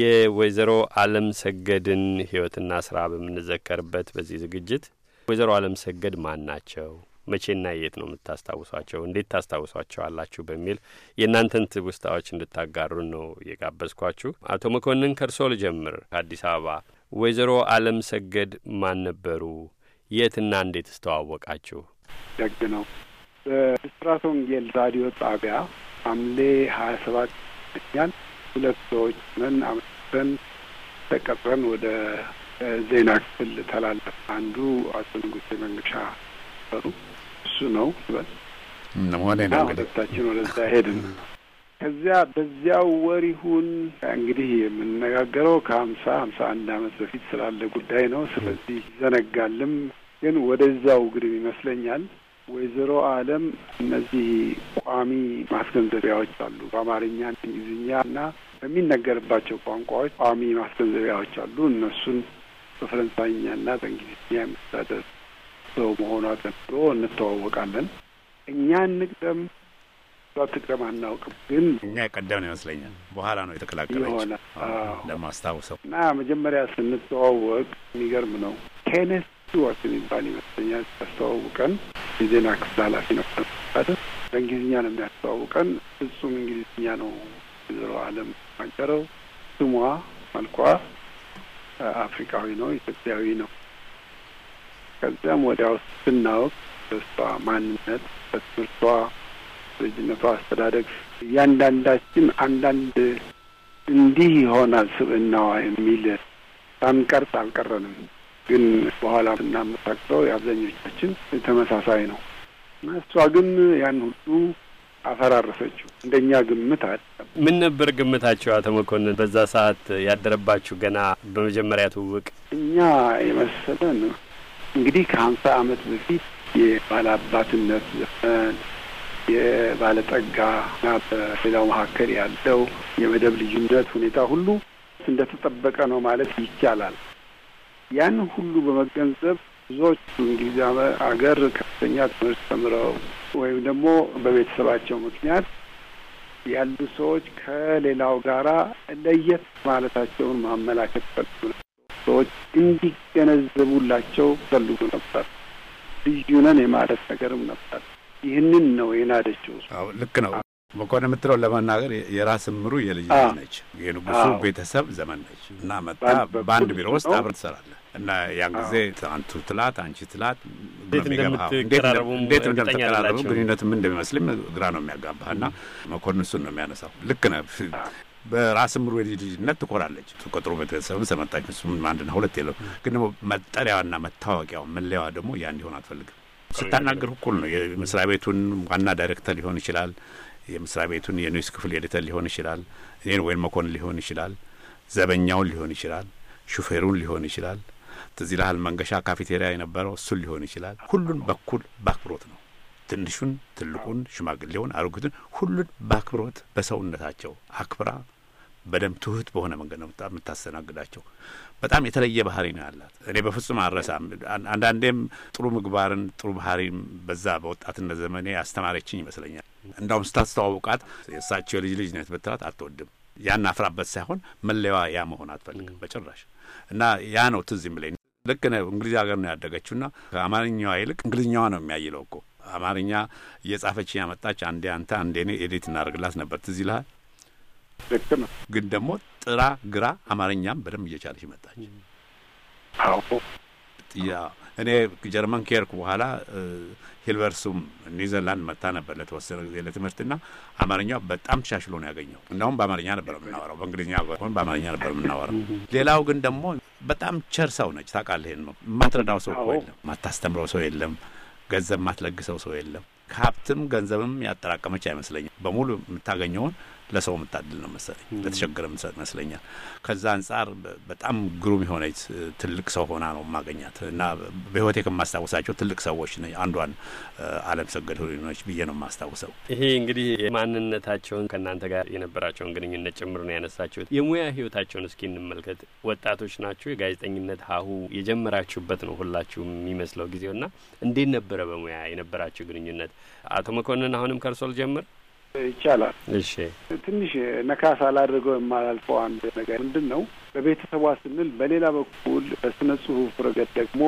B: የወይዘሮ አለም ሰገድን ህይወትና ስራ በምንዘከርበት በዚህ ዝግጅት ወይዘሮ አለም ሰገድ ማን ናቸው? መቼና የት ነው የምታስታውሷቸው? እንዴት ታስታውሷቸው አላችሁ በሚል የእናንተን ትውስታዎች እንድታጋሩን ነው የጋበዝኳችሁ። አቶ መኮንን ከርሶ ልጀምር። ከአዲስ አበባ ወይዘሮ አለም ሰገድ ማን ነበሩ? የትና እንዴት እስተዋወቃችሁ?
C: ደግ ነው። በብስራት ወንጌል ራዲዮ ጣቢያ ሐምሌ ሀያ ሰባት ይገኛል ሁለት ሰዎች ነን አመሰን ተቀጥረን ወደ ዜና ክፍል ተላለፍ። አንዱ አቶ ንጉሴ መንገሻ ነበሩ። ነው መሆነ ነው። ሁለታችን ወደዛ ሄድን። ከዚያ በዚያው ወር ይሁን እንግዲህ የምነጋገረው ከሀምሳ ሀምሳ አንድ አመት በፊት ስላለ ጉዳይ ነው። ስለዚህ ይዘነጋልም። ግን ወደዛው ግድም ይመስለኛል ወይዘሮ አለም እነዚህ ቋሚ ማስገንዘቢያዎች አሉ። በአማርኛ፣ እንግሊዝኛ እና በሚነገርባቸው ቋንቋዎች ቋሚ ማስገንዘቢያዎች አሉ። እነሱን በፈረንሳይኛ እና በእንግሊዝኛ የመስተዳደር ሰው መሆኗ ጠብሮ እንተዋወቃለን። እኛ እንቅደም ትቅደም አናውቅም፣ ግን
D: እኛ የቀደም ነው ይመስለኛል። በኋላ ነው የተቀላቀለች
C: እና መጀመሪያ ስንተዋወቅ የሚገርም ነው ኬኔስ ስቲዋርት የሚባል ይመስለኛል ያስተዋውቀን የዜና ክፍል ኃላፊ ነበር። በእንግሊዝኛ ነው የሚያስተዋውቀን። ፍጹም እንግሊዝኛ ነው ዝሮ አለም ማንጨረው ስሟ መልኳ አፍሪካዊ ነው፣ ኢትዮጵያዊ ነው። ከዚያም ወዲያው ስናውቅ በእሷ ማንነት በትምህርቷ ልጅነቷ አስተዳደግ እያንዳንዳችን አንዳንድ እንዲህ ይሆናል ስብእናዋ የሚል ሳንቀር አልቀረንም። ግን በኋላ ስናመሳክረው የአብዛኞቻችን ተመሳሳይ ነው እሷ ግን ያን ሁሉ አፈራረሰችው። እንደኛ ግምት አለ።
B: ምን ነበር ግምታቸው? አቶ መኮንን በዛ ሰዓት ያደረባችሁ ገና በመጀመሪያ ትውውቅ
C: እኛ የመሰለን እንግዲህ ከሀምሳ አመት በፊት የባለአባትነት ዘመን እና በሌላው መካከል ያለው የመደብ ልዩነት ሁኔታ ሁሉ እንደተጠበቀ ነው ማለት ይቻላል። ያን ሁሉ በመገንዘብ ብዙዎቹ እንግሊዝ አገር ከፍተኛ ትምህርት ተምረው ወይም ደግሞ በቤተሰባቸው ምክንያት ያሉ ሰዎች ከሌላው ጋራ ለየት ማለታቸውን ማመላከት ፈልጉ ሰዎች እንዲገነዘቡላቸው ፈልጉ ነበር። ልዩ ነን የማለት ነገርም ነበር። ይህንን ነው የናደችው።
D: አዎ ልክ ነው መኮንን የምትለው ለመናገር የራስ ምሩ የልጅ ነች፣ የንጉሱ ቤተሰብ ዘመን ነች እና መጣ በአንድ ቢሮ ውስጥ አብረን ትሰራለህ እና ያን ጊዜ አንቱ ትላት አንቺ ትላት እንዴት እንደምትቀራረቡ ግንኙነትም እንደሚመስልም ግራ ነው የሚያጋባህ እና መኮንን እሱን ነው የሚያነሳው። ልክ ነህ። በራስ ምሩ ልጅነት ትኮራለች። ከጥሩ ቤተሰብ ስለመጣች እሱም አንድና ሁለት የለም። ግን ደግሞ መጠሪያዋና መታወቂያው መለያዋ ደግሞ ያ እንዲሆን አትፈልግም። ስታናገር እኩል ነው። የመስሪያ ቤቱን ዋና ዳይሬክተር ሊሆን ይችላል። የመስሪያ ቤቱን የኒውስ ክፍል ኤዲተር ሊሆን ይችላል። እኔን ወይን መኮንን ሊሆን ይችላል። ዘበኛውን ሊሆን ይችላል። ሹፌሩን ሊሆን ይችላል። ትዝ ይልሃል መንገሻ ካፌቴሪያ የነበረው እሱን ሊሆን ይችላል። ሁሉን በኩል በአክብሮት ነው። ትንሹን፣ ትልቁን፣ ሽማግሌውን፣ አሮጊቱን ሁሉን በአክብሮት በሰውነታቸው አክብራ በደንብ ትሁት በሆነ መንገድ ነው የምታስተናግዳቸው። በጣም የተለየ ባህሪ ነው ያላት። እኔ በፍጹም አልረሳም። አንዳንዴም ጥሩ ምግባርን ጥሩ ባህሪን በዛ በወጣትነት ዘመኔ አስተማረችኝ ይመስለኛል። እንዳውም ስታስተዋውቃት የእሳቸው የልጅ ልጅ ነት ብትላት አትወድም። ያን አፍራበት ሳይሆን መለያዋ ያ መሆን አትፈልግም በጭራሽ። እና ያ ነው ትዝ የሚለኝ። ልክ ነው እንግሊዝ ሀገር ነው ያደገችው ና ከአማርኛዋ ይልቅ እንግሊዝኛዋ ነው የሚያይለው እኮ አማርኛ እየጻፈች ያመጣች አንዴ አንተ አንዴ እኔ ኤዲት እናደርግላት ነበር። ትዝ ይልሃል? ልክ ነው። ግን ደግሞ ጥራ ግራ አማርኛም በደንብ እየቻለች መጣች። ያ እኔ ጀርመን ከሄድኩ በኋላ ሂልቨርሱም ኒዘርላንድ መታ ነበር ለተወሰነ ጊዜ ለትምህርትና አማርኛው በጣም ተሻሽሎ ነው ያገኘው። እንዳሁም በአማርኛ ነበር የምናወራው፣ በእንግሊዝኛ ሆን በአማርኛ ነበር የምናወራው። ሌላው ግን ደግሞ በጣም ቸር ሰው ነች። ታውቃለህ፣ ይሄን ነው የማትረዳው ሰው እኮ የለም፣ ማታስተምረው ሰው የለም፣ ገንዘብ ማትለግሰው ሰው የለም። ከሀብትም ገንዘብም ያጠራቀመች አይመስለኝም። በሙሉ የምታገኘውን ለሰው የምታድል ነው መሰለኝ፣ ለተቸገረ የምትሰጥ ይመስለኛል። ከዛ አንጻር በጣም ግሩም የሆነች ትልቅ ሰው ሆና ነው የማገኛት እና በህይወቴ ከማስታወሳቸው ትልቅ ሰዎች አንዷን አለም ሰገድ ሆነች ብዬ ነው የማስታውሰው።
B: ይሄ እንግዲህ ማንነታቸውን ከእናንተ ጋር የነበራቸውን ግንኙነት ጭምር ነው ያነሳችሁት። የሙያ ህይወታቸውን እስኪ እንመልከት። ወጣቶች ናችሁ። የጋዜጠኝነት ሀሁ የጀመራችሁበት ነው ሁላችሁ የሚመስለው ጊዜውና እንዴት ነበረ በሙያ የነበራችሁ ግንኙነት? አቶ መኮንን አሁንም ከእርሶ ልጀምር። ይቻላል። እሺ
C: ትንሽ ነካሳ አላድርገው የማላልፈው አንድ ነገር ምንድን ነው፣ በቤተሰቧ ስንል በሌላ በኩል በስነ ጽሁፍ ረገድ ደግሞ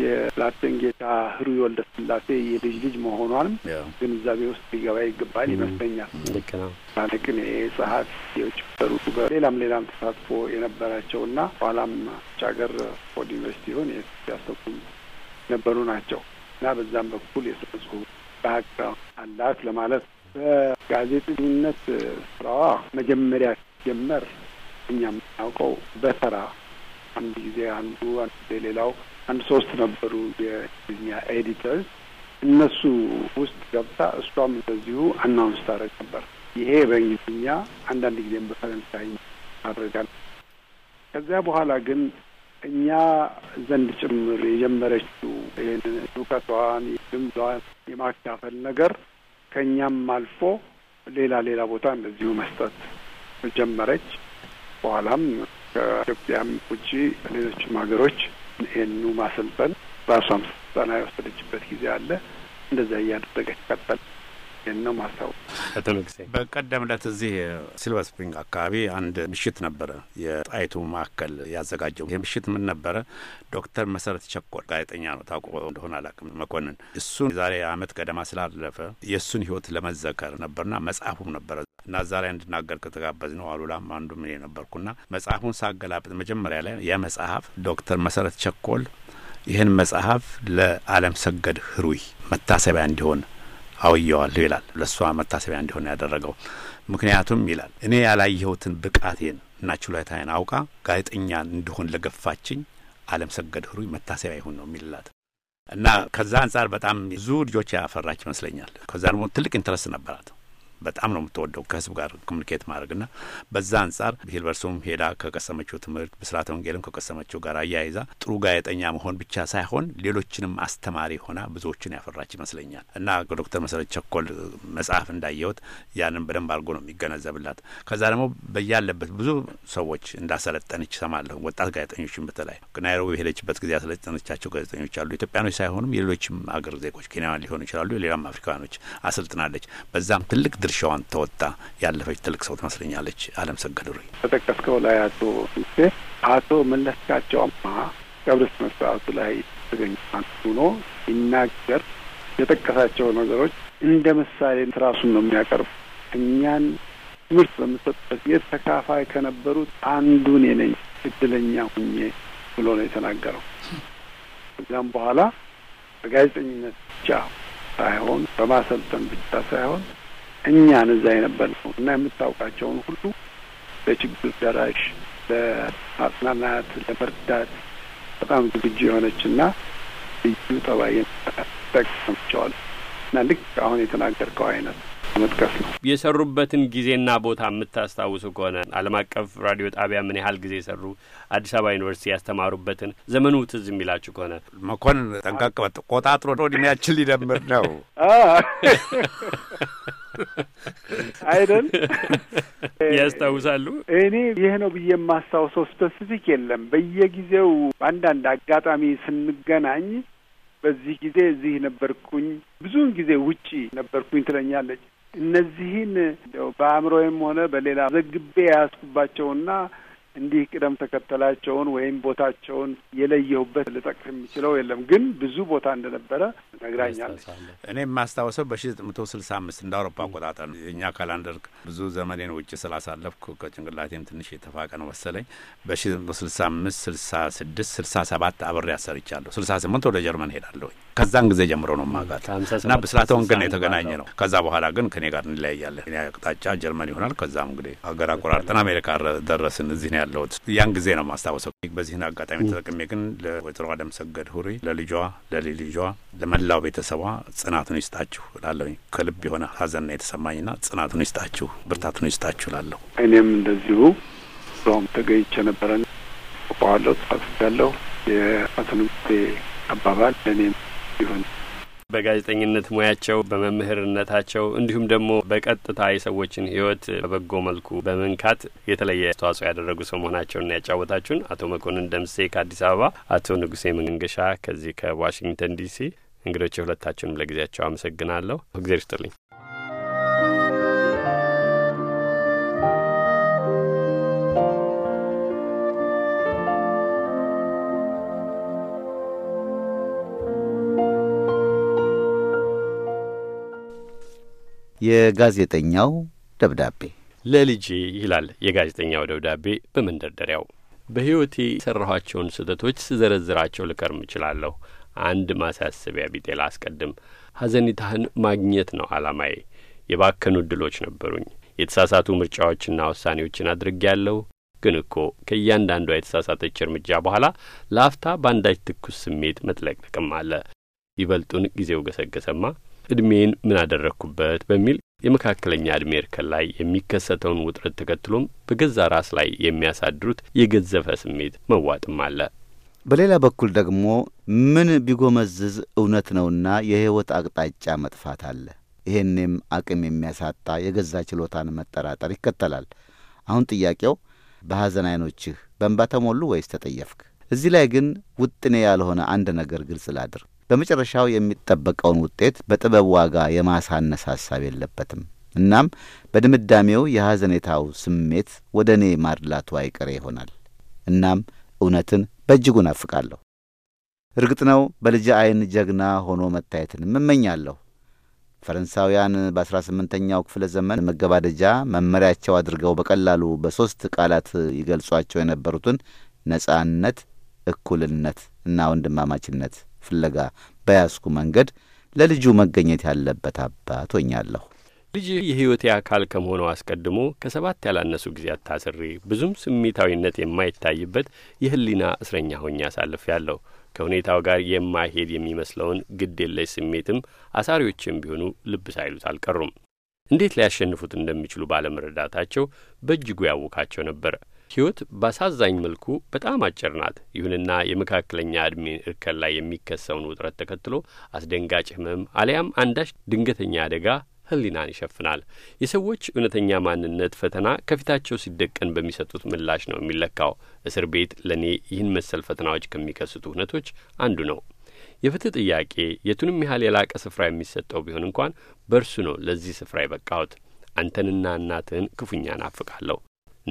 C: የላቴን ጌታ ህሩ ወልደ ስላሴ የልጅ ልጅ መሆኗንም ግንዛቤ ውስጥ ሊገባ ይገባል ይመስለኛል። ልክ ነው። ግን ጸሐፊዎች የጭፈሩ በሌላም ሌላም ተሳትፎ የነበራቸው እና ኋላም ውጭ ሀገር ኦድ ዩኒቨርሲቲ ሆን ያሰቡ ነበሩ ናቸው እና በዛም በኩል የስነ ጽሁፍ በሀቅ አላት ለማለት በጋዜጠኝነት ስራዋ መጀመሪያ ሲጀመር እኛ የምናውቀው በተራ አንድ ጊዜ አንዱ አንድ ሌላው አንድ ሶስት ነበሩ የኛ ኤዲተርስ እነሱ ውስጥ ገብታ እሷም እንደዚሁ አናውንስ ታደረግ ነበር። ይሄ በእንግሊዝኛ አንዳንድ ጊዜም በፈረንሳይ አድርጋል። ከዚያ በኋላ ግን እኛ ዘንድ ጭምር የጀመረችው ይህን እውቀቷን ድምዟን የማካፈል ነገር ከእኛም አልፎ ሌላ ሌላ ቦታ እንደዚሁ መስጠት ጀመረች። በኋላም ከኢትዮጵያም ውጪ ሌሎችም ሀገሮች ይህኑ ማሰልጠን ራሷም ስልጠና የወሰደችበት ጊዜ አለ። እንደዚያ እያደረገች ቀጠል ነው ማስታወቅ።
D: አቶ ንጉሴ በቀደም ዕለት እዚህ ሲልቨር ስፕሪንግ አካባቢ አንድ ምሽት ነበረ የጣይቱ ማዕከል ያዘጋጀው። ይህ ምሽት ምን ነበረ? ዶክተር መሰረት ቸኮል ጋዜጠኛ ነው፣ ታውቆ እንደሆነ አላውቅም። መኮንን እሱን የዛሬ አመት ገደማ ስላለፈ የእሱን ህይወት ለመዘከር ነበርና መጽሐፉም ነበረ እና እዛ ላይ እንድናገር ከተጋበዝ ነው አሉላም አንዱ ምን የነበርኩና መጽሐፉን ሳገላብጥ መጀመሪያ ላይ የመጽሐፍ ዶክተር መሰረት ቸኮል ይህን መጽሐፍ ለአለም ሰገድ ህሩይ መታሰቢያ እንዲሆን አውየዋለሁ ይላል። ለእሷ መታሰቢያ እንዲሆን ያደረገው ምክንያቱም ይላል እኔ ያላየሁትን ብቃቴን እና ችሎታዬን አውቃ ጋዜጠኛ እንድሆን ለገፋችኝ አለም ሰገድ ህሩይ መታሰቢያ ይሁን ነው የሚልላት እና ከዛ አንጻር በጣም ብዙ ልጆች ያፈራች ይመስለኛል። ከዛ ደግሞ ትልቅ ኢንትረስት ነበራት። በጣም ነው የምትወደው ከህዝብ ጋር ኮሚኒኬት ማድረግ ና በዛ አንጻር ሂልበርሱም ሄዳ ከቀሰመችው ትምህርት ብስራተ ወንጌልም ከቀሰመችው ጋር አያይዛ ጥሩ ጋዜጠኛ መሆን ብቻ ሳይሆን ሌሎችንም አስተማሪ ሆና ብዙዎችን ያፈራች ይመስለኛል እና ዶክተር መሰረት ቸኮል መጽሐፍ እንዳየሁት ያንን በደንብ አድርጎ ነው የሚገነዘብላት። ከዛ ደግሞ በያለበት ብዙ ሰዎች እንዳሰለጠነች ይሰማለሁ ወጣት ጋዜጠኞችን በተለይ ናይሮቢ በሄደችበት ጊዜ ያሰለጠነቻቸው ጋዜጠኞች አሉ። ኢትዮጵያኖች ሳይሆኑም የሌሎችም አገር ዜጎች ኬንያውያን ሊሆኑ ይችላሉ፣ ሌላም አፍሪካኖች አሰልጥናለች። በዛም ትልቅ ድርሻዋን ተወጣ ያለፈች ትልቅ ሰው ትመስለኛለች። አለም ሰገድ
C: ተጠቀስከው ላይ አቶ ሴ አቶ መለስካቸው አማ ቀብር ስነ ላይ ተገኝ ሆኖ ይናገር የጠቀሳቸው ነገሮች እንደ ምሳሌ ራሱን ነው የሚያቀርቡ እኛን ትምህርት በምሰጥበት ጊዜ ተካፋይ ከነበሩት አንዱ እኔ ነኝ እድለኛ ሁኜ ብሎ ነው የተናገረው። ከዚያም በኋላ በጋዜጠኝነት ብቻ ሳይሆን በማሰልጠን ብቻ ሳይሆን እኛን እዛ ነው እና የምታውቃቸውን ሁሉ ለችግር ደራሽ፣ ለማጽናናት፣ ለመርዳት በጣም ዝግጁ የሆነች እና ልዩ ጠባይ ጠቅሰምቸዋል እና ልክ አሁን የተናገርከው አይነት
B: መጥቀስ ነው። የሰሩበትን ጊዜና ቦታ የምታስታውሱ ከሆነ ዓለም አቀፍ ራዲዮ ጣቢያ ምን ያህል ጊዜ ሰሩ አዲስ አበባ ዩኒቨርሲቲ ያስተማሩበትን ዘመኑ ትዝ የሚላችሁ ከሆነ መኮንን ጠንቀቅ
D: ቆጣጥሮ እድሜያችን ሊደምር ነው አይደል?
B: ያስታውሳሉ።
C: እኔ ይህ ነው ብዬ የማስታውሰው ስፔሲፊክ የለም። በየጊዜው አንዳንድ አጋጣሚ ስንገናኝ በዚህ ጊዜ እዚህ ነበርኩኝ፣ ብዙውን ጊዜ ውጪ ነበርኩኝ ትለኛለች። እነዚህን በአእምሮዬም ሆነ በሌላ ዘግቤ የያዝኩባቸውና እንዲህ ቅደም ተከተላቸውን ወይም ቦታቸውን የለየሁበት ልጠቅስ የሚችለው የለም፣ ግን ብዙ ቦታ እንደነበረ ነግራኛለች።
D: እኔ የማስታወሰው በሺ ዘጠኝ መቶ ስልሳ አምስት እንደ አውሮፓ አቆጣጠር የእኛ ካላንደር ብዙ ዘመኔን ውጭ ስላሳለፍኩ ከጭንቅላቴም ትንሽ የተፋቀ ነው መሰለኝ። በሺ ዘጠኝ መቶ ስልሳ አምስት ስልሳ ስድስት ስልሳ ሰባት አብሬ አሰርቻለሁ። ስልሳ ስምንት ወደ ጀርመን ሄዳለሁኝ ከዛን ጊዜ ጀምሮ ነው ማጋት እና በስላተ ወንጌል የተገናኘ ነው። ከዛ በኋላ ግን ከኔ ጋር እንለያያለን። እኔ አቅጣጫ ጀርመን ይሆናል። ከዛም እንግዲህ ሀገር አቆራርጠን አሜሪካ ደረስን። እዚህ ነው ያለሁት። ያን ጊዜ ነው ማስታወሰው። በዚህን አጋጣሚ ተጠቅሜ ግን ለወይዘሮ አለምሰገድ ሁሪ፣ ለልጇ፣ ልጇ ለመላው ቤተሰቧ ጽናቱን ይስጣችሁ እላለሁኝ። ከልብ የሆነ ሀዘን ነው የተሰማኝና ጽናቱን ይስጣችሁ፣ ብርታቱን ይስጣችሁ እላለሁ። እኔም እንደዚሁ ም ተገኝቼ ነበረን ቋዋለው ተሳትፍ ያለው
C: የአቶ ንጉሴ አባባል ለእኔም
B: ይሁን። በጋዜጠኝነት ሙያቸው በመምህርነታቸው እንዲሁም ደግሞ በቀጥታ የሰዎችን ሕይወት በበጎ መልኩ በመንካት የተለየ አስተዋጽኦ ያደረጉ ሰው መሆናቸውና ያጫወታችሁን አቶ መኮንን ደምሴ ከአዲስ አበባ፣ አቶ ንጉሴ መንገሻ ከዚህ ከዋሽንግተን ዲሲ እንግዶች የሁለታችሁንም ለጊዜያቸው አመሰግናለሁ። እግዜር ይስጥልኝ።
A: የጋዜጠኛው ደብዳቤ
B: ለልጄ ይላል የጋዜጠኛው ደብዳቤ በመንደርደሪያው። በሕይወቴ የሠራኋቸውን ስህተቶች ስዘረዝራቸው ልከርም እችላለሁ። አንድ ማሳሰቢያ ቢጤ ላስቀድም። ሐዘኒታህን ማግኘት ነው ዓላማዬ። የባከኑ ዕድሎች ነበሩኝ። የተሳሳቱ ምርጫዎችና ውሳኔዎችን አድርጌ ያለሁ። ግን እኮ ከእያንዳንዷ የተሳሳተች እርምጃ በኋላ ለአፍታ በአንዳች ትኩስ ስሜት መጥለቅለቅም አለ። ይበልጡን ጊዜው ገሰገሰማ ዕድሜን ምን አደረግኩበት በሚል የመካከለኛ ዕድሜ እርከን ላይ የሚከሰተውን ውጥረት ተከትሎም በገዛ ራስ ላይ የሚያሳድሩት የገዘፈ ስሜት መዋጥም አለ።
A: በሌላ በኩል ደግሞ ምን ቢጎመዝዝ እውነት ነውና የሕይወት አቅጣጫ መጥፋት አለ። ይሄንም አቅም የሚያሳጣ የገዛ ችሎታን መጠራጠር ይከተላል። አሁን ጥያቄው በሐዘን አይኖችህ በእንባ ተሞሉ ወይስ ተጠየፍክ? እዚህ ላይ ግን ውጥኔ ያልሆነ አንድ ነገር ግልጽ ላድርግ። በመጨረሻው የሚጠበቀውን ውጤት በጥበብ ዋጋ የማሳነስ ሀሳብ የለበትም። እናም በድምዳሜው የሐዘኔታው ስሜት ወደ እኔ ማድላቱ አይቀሬ ይሆናል። እናም እውነትን በእጅጉ ናፍቃለሁ። እርግጥ ነው በልጅ ዐይን ጀግና ሆኖ መታየትን እመኛለሁ። ፈረንሳውያን በአስራ ስምንተኛው ክፍለ ዘመን መገባደጃ መመሪያቸው አድርገው በቀላሉ በሦስት ቃላት ይገልጿቸው የነበሩትን ነጻነት፣ እኩልነት እና ወንድማማችነት ፍለጋ በያዝኩ መንገድ ለልጁ መገኘት ያለበት አባት ሆኛለሁ።
B: ልጅ የሕይወቴ አካል ከመሆኑ አስቀድሞ ከሰባት ያላነሱ ጊዜያት ታስሬ ብዙም ስሜታዊነት የማይታይበት የህሊና እስረኛ ሆኜ ያለሁ ከሁኔታው ጋር የማይሄድ የሚመስለውን ግድ የለሽ ስሜትም አሳሪዎችም ቢሆኑ ልብ ሳይሉት አልቀሩም። እንዴት ሊያሸንፉት እንደሚችሉ ባለመረዳታቸው በእጅጉ ያውካቸው ነበር። ሕይወት በአሳዛኝ መልኩ በጣም አጭር ናት። ይሁንና የመካከለኛ ዕድሜ እርከን ላይ የሚከሰውን ውጥረት ተከትሎ አስደንጋጭ ህመም አሊያም አንዳች ድንገተኛ አደጋ ህሊናን ይሸፍናል። የሰዎች እውነተኛ ማንነት ፈተና ከፊታቸው ሲደቀን በሚሰጡት ምላሽ ነው የሚለካው። እስር ቤት ለእኔ ይህን መሰል ፈተናዎች ከሚከስቱ እውነቶች አንዱ ነው። የፍትህ ጥያቄ የቱንም ያህል የላቀ ስፍራ የሚሰጠው ቢሆን እንኳን በእርሱ ነው ለዚህ ስፍራ የበቃሁት። አንተንና እናትህን ክፉኛ ናፍቃለሁ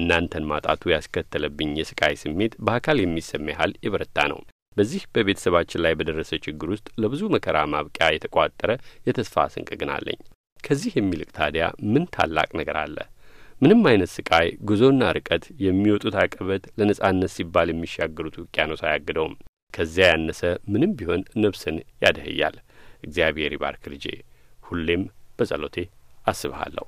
B: እናንተን ማጣቱ ያስከተለብኝ የስቃይ ስሜት በአካል የሚሰማ ያህል የበረታ ነው። በዚህ በቤተሰባችን ላይ በደረሰ ችግር ውስጥ ለብዙ መከራ ማብቂያ የተቋጠረ የተስፋ ስንቅ ግን አለኝ። ከዚህ የሚልቅ ታዲያ ምን ታላቅ ነገር አለ? ምንም አይነት ስቃይ፣ ጉዞና ርቀት፣ የሚወጡት አቀበት፣ ለነጻነት ሲባል የሚሻገሩት ውቅያኖስ አያግደውም። ከዚያ ያነሰ ምንም ቢሆን ነፍስን ያደህያል። እግዚአብሔር ይባርክ ልጄ። ሁሌም በጸሎቴ አስብሃለሁ።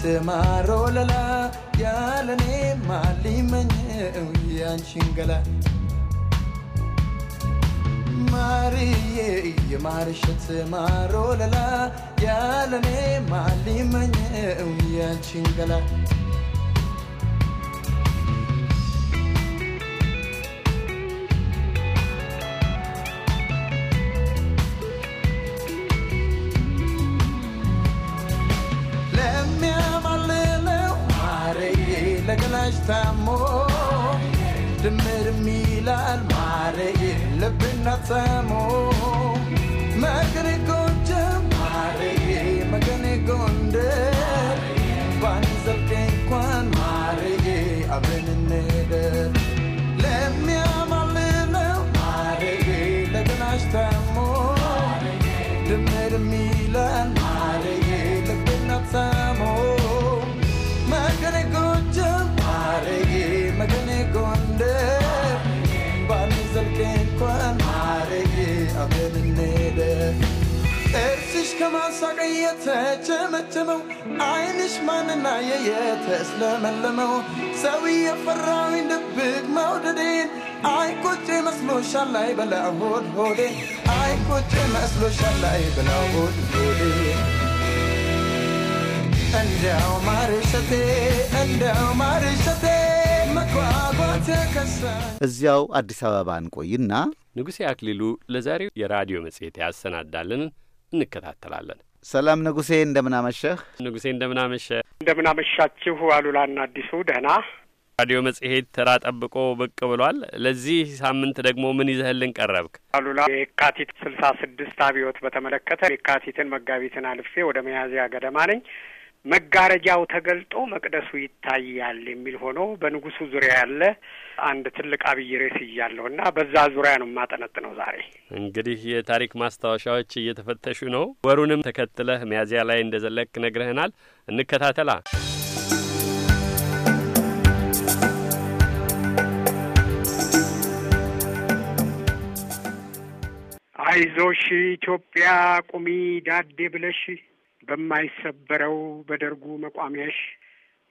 K: ስማሮ ለላ ያለኔ ማሊመኘው ያንቺን ገላ ማርዬ የማርሸት ማሮ ለላ ያለኔ ማሊመኘው ያንቺን ገላ ነሽ ታሞ ድምር ሚላል ማረግ ልብና ተሞ መገኔ ጎንደ ማረግ መገኔ ጎንደ ጥርስሽ ከማሳቅ እየተጨመጨመው አይንሽ ማንና የተስለመለመው ሰው የፈራው ድብቅ መውደዴን አይ ቁጭ መስሎሻል ላይ በላ ሆድ ሆዴ አይ መስሎሻል ላይ በላ ሆድ ሆዴ እንዳው ማርሸቴ እንዳው ማርሸቴ
A: እዚያው አዲስ አበባ እንቆይና
B: ንጉሴ አክሊሉ ለዛሬው የራዲዮ መጽሔት ያሰናዳልን እንከታተላለን።
A: ሰላም ንጉሴ፣ እንደምናመሸህ።
B: ንጉሴ እንደምናመሸህ እንደምናመሻችሁ አሉላና አዲሱ ደህና ራዲዮ መጽሔት ተራ ጠብቆ ብቅ ብሏል። ለዚህ ሳምንት ደግሞ ምን ይዘህልን ቀረብክ?
L: አሉላ የካቲት ስልሳ ስድስት አብዮት በተመለከተ የካቲትን መጋቢትን አልፌ ወደ መያዝያ ገደማ ነኝ። መጋረጃው ተገልጦ መቅደሱ ይታያል የሚል ሆኖ በንጉሱ ዙሪያ ያለ አንድ ትልቅ አብይ ርዕስ እያለሁ እና በዛ ዙሪያ ነው የማጠነጥ ነው። ዛሬ
B: እንግዲህ የታሪክ ማስታወሻዎች እየተፈተሹ ነው። ወሩንም ተከትለህ ሚያዝያ ላይ እንደ ዘለቅ ነግረህናል። እንከታተላ
L: አይዞሽ ኢትዮጵያ ቁሚ ዳዴ ብለሽ በማይሰበረው በደርጉ መቋሚያሽ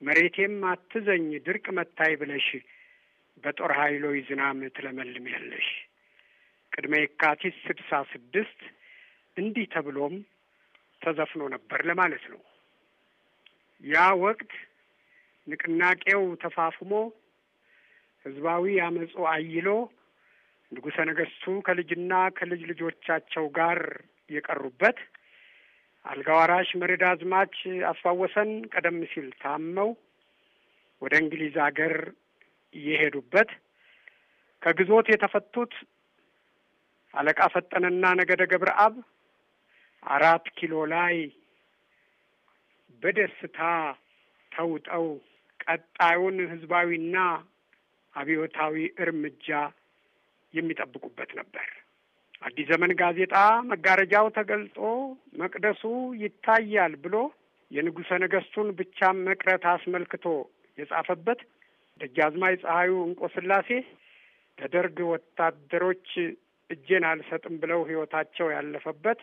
L: መሬቴም አትዘኝ ድርቅ መታይ ብለሽ በጦር ኃይሎች ዝናም ትለመልሚያለሽ። ቅድመ የካቲት ስድሳ ስድስት እንዲህ ተብሎም ተዘፍኖ ነበር ለማለት ነው። ያ ወቅት ንቅናቄው ተፋፍሞ ህዝባዊ አመፁ አይሎ ንጉሠ ነገሥቱ ከልጅና ከልጅ ልጆቻቸው ጋር የቀሩበት አልጋ ወራሽ መሬድ አዝማች አስፋወሰን ቀደም ሲል ታመው ወደ እንግሊዝ አገር የሄዱበት ከግዞት የተፈቱት አለቃ ፈጠነና ነገደ ገብረአብ አራት ኪሎ ላይ በደስታ ተውጠው ቀጣዩን ህዝባዊና አብዮታዊ እርምጃ የሚጠብቁበት ነበር። አዲስ ዘመን ጋዜጣ መጋረጃው ተገልጦ መቅደሱ ይታያል ብሎ የንጉሠ ነገሥቱን ብቻም መቅረት አስመልክቶ የጻፈበት ደጃዝማች ፀሐዩ እንቆስላሴ ለደርግ ወታደሮች እጄን አልሰጥም ብለው ሕይወታቸው ያለፈበት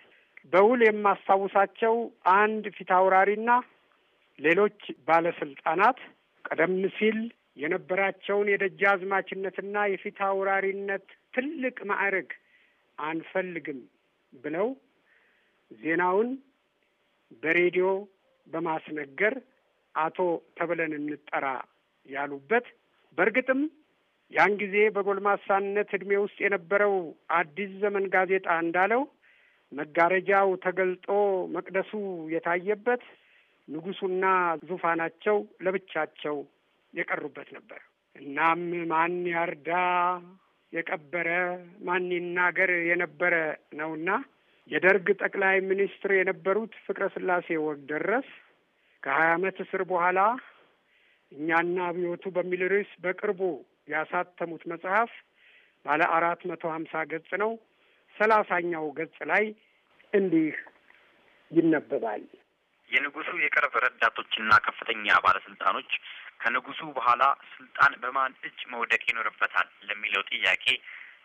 L: በውል የማስታውሳቸው አንድ ፊታውራሪና ሌሎች ባለስልጣናት ቀደም ሲል የነበራቸውን የደጃዝማችነትና የፊታውራሪነት ትልቅ ማዕረግ አንፈልግም ብለው ዜናውን በሬዲዮ በማስነገር አቶ ተብለን እንጠራ ያሉበት በእርግጥም ያን ጊዜ በጎልማሳነት ዕድሜ ውስጥ የነበረው አዲስ ዘመን ጋዜጣ እንዳለው መጋረጃው ተገልጦ መቅደሱ የታየበት ንጉሱና ዙፋናቸው ለብቻቸው የቀሩበት ነበር። እናም ማን ያርዳ የቀበረ ማን ይናገር የነበረ ነውና የደርግ ጠቅላይ ሚኒስትር የነበሩት ፍቅረ ስላሴ ወግደረስ ከሀያ ዓመት እስር በኋላ እኛና አብዮቱ በሚል ርዕስ በቅርቡ ያሳተሙት መጽሐፍ ባለ አራት መቶ ሀምሳ ገጽ ነው። ሰላሳኛው ገጽ ላይ እንዲህ ይነበባል።
M: የንጉሱ የቅርብ ረዳቶችና ከፍተኛ ባለስልጣኖች ከንጉሱ በኋላ ስልጣን በማን እጅ መውደቅ ይኖርበታል ለሚለው ጥያቄ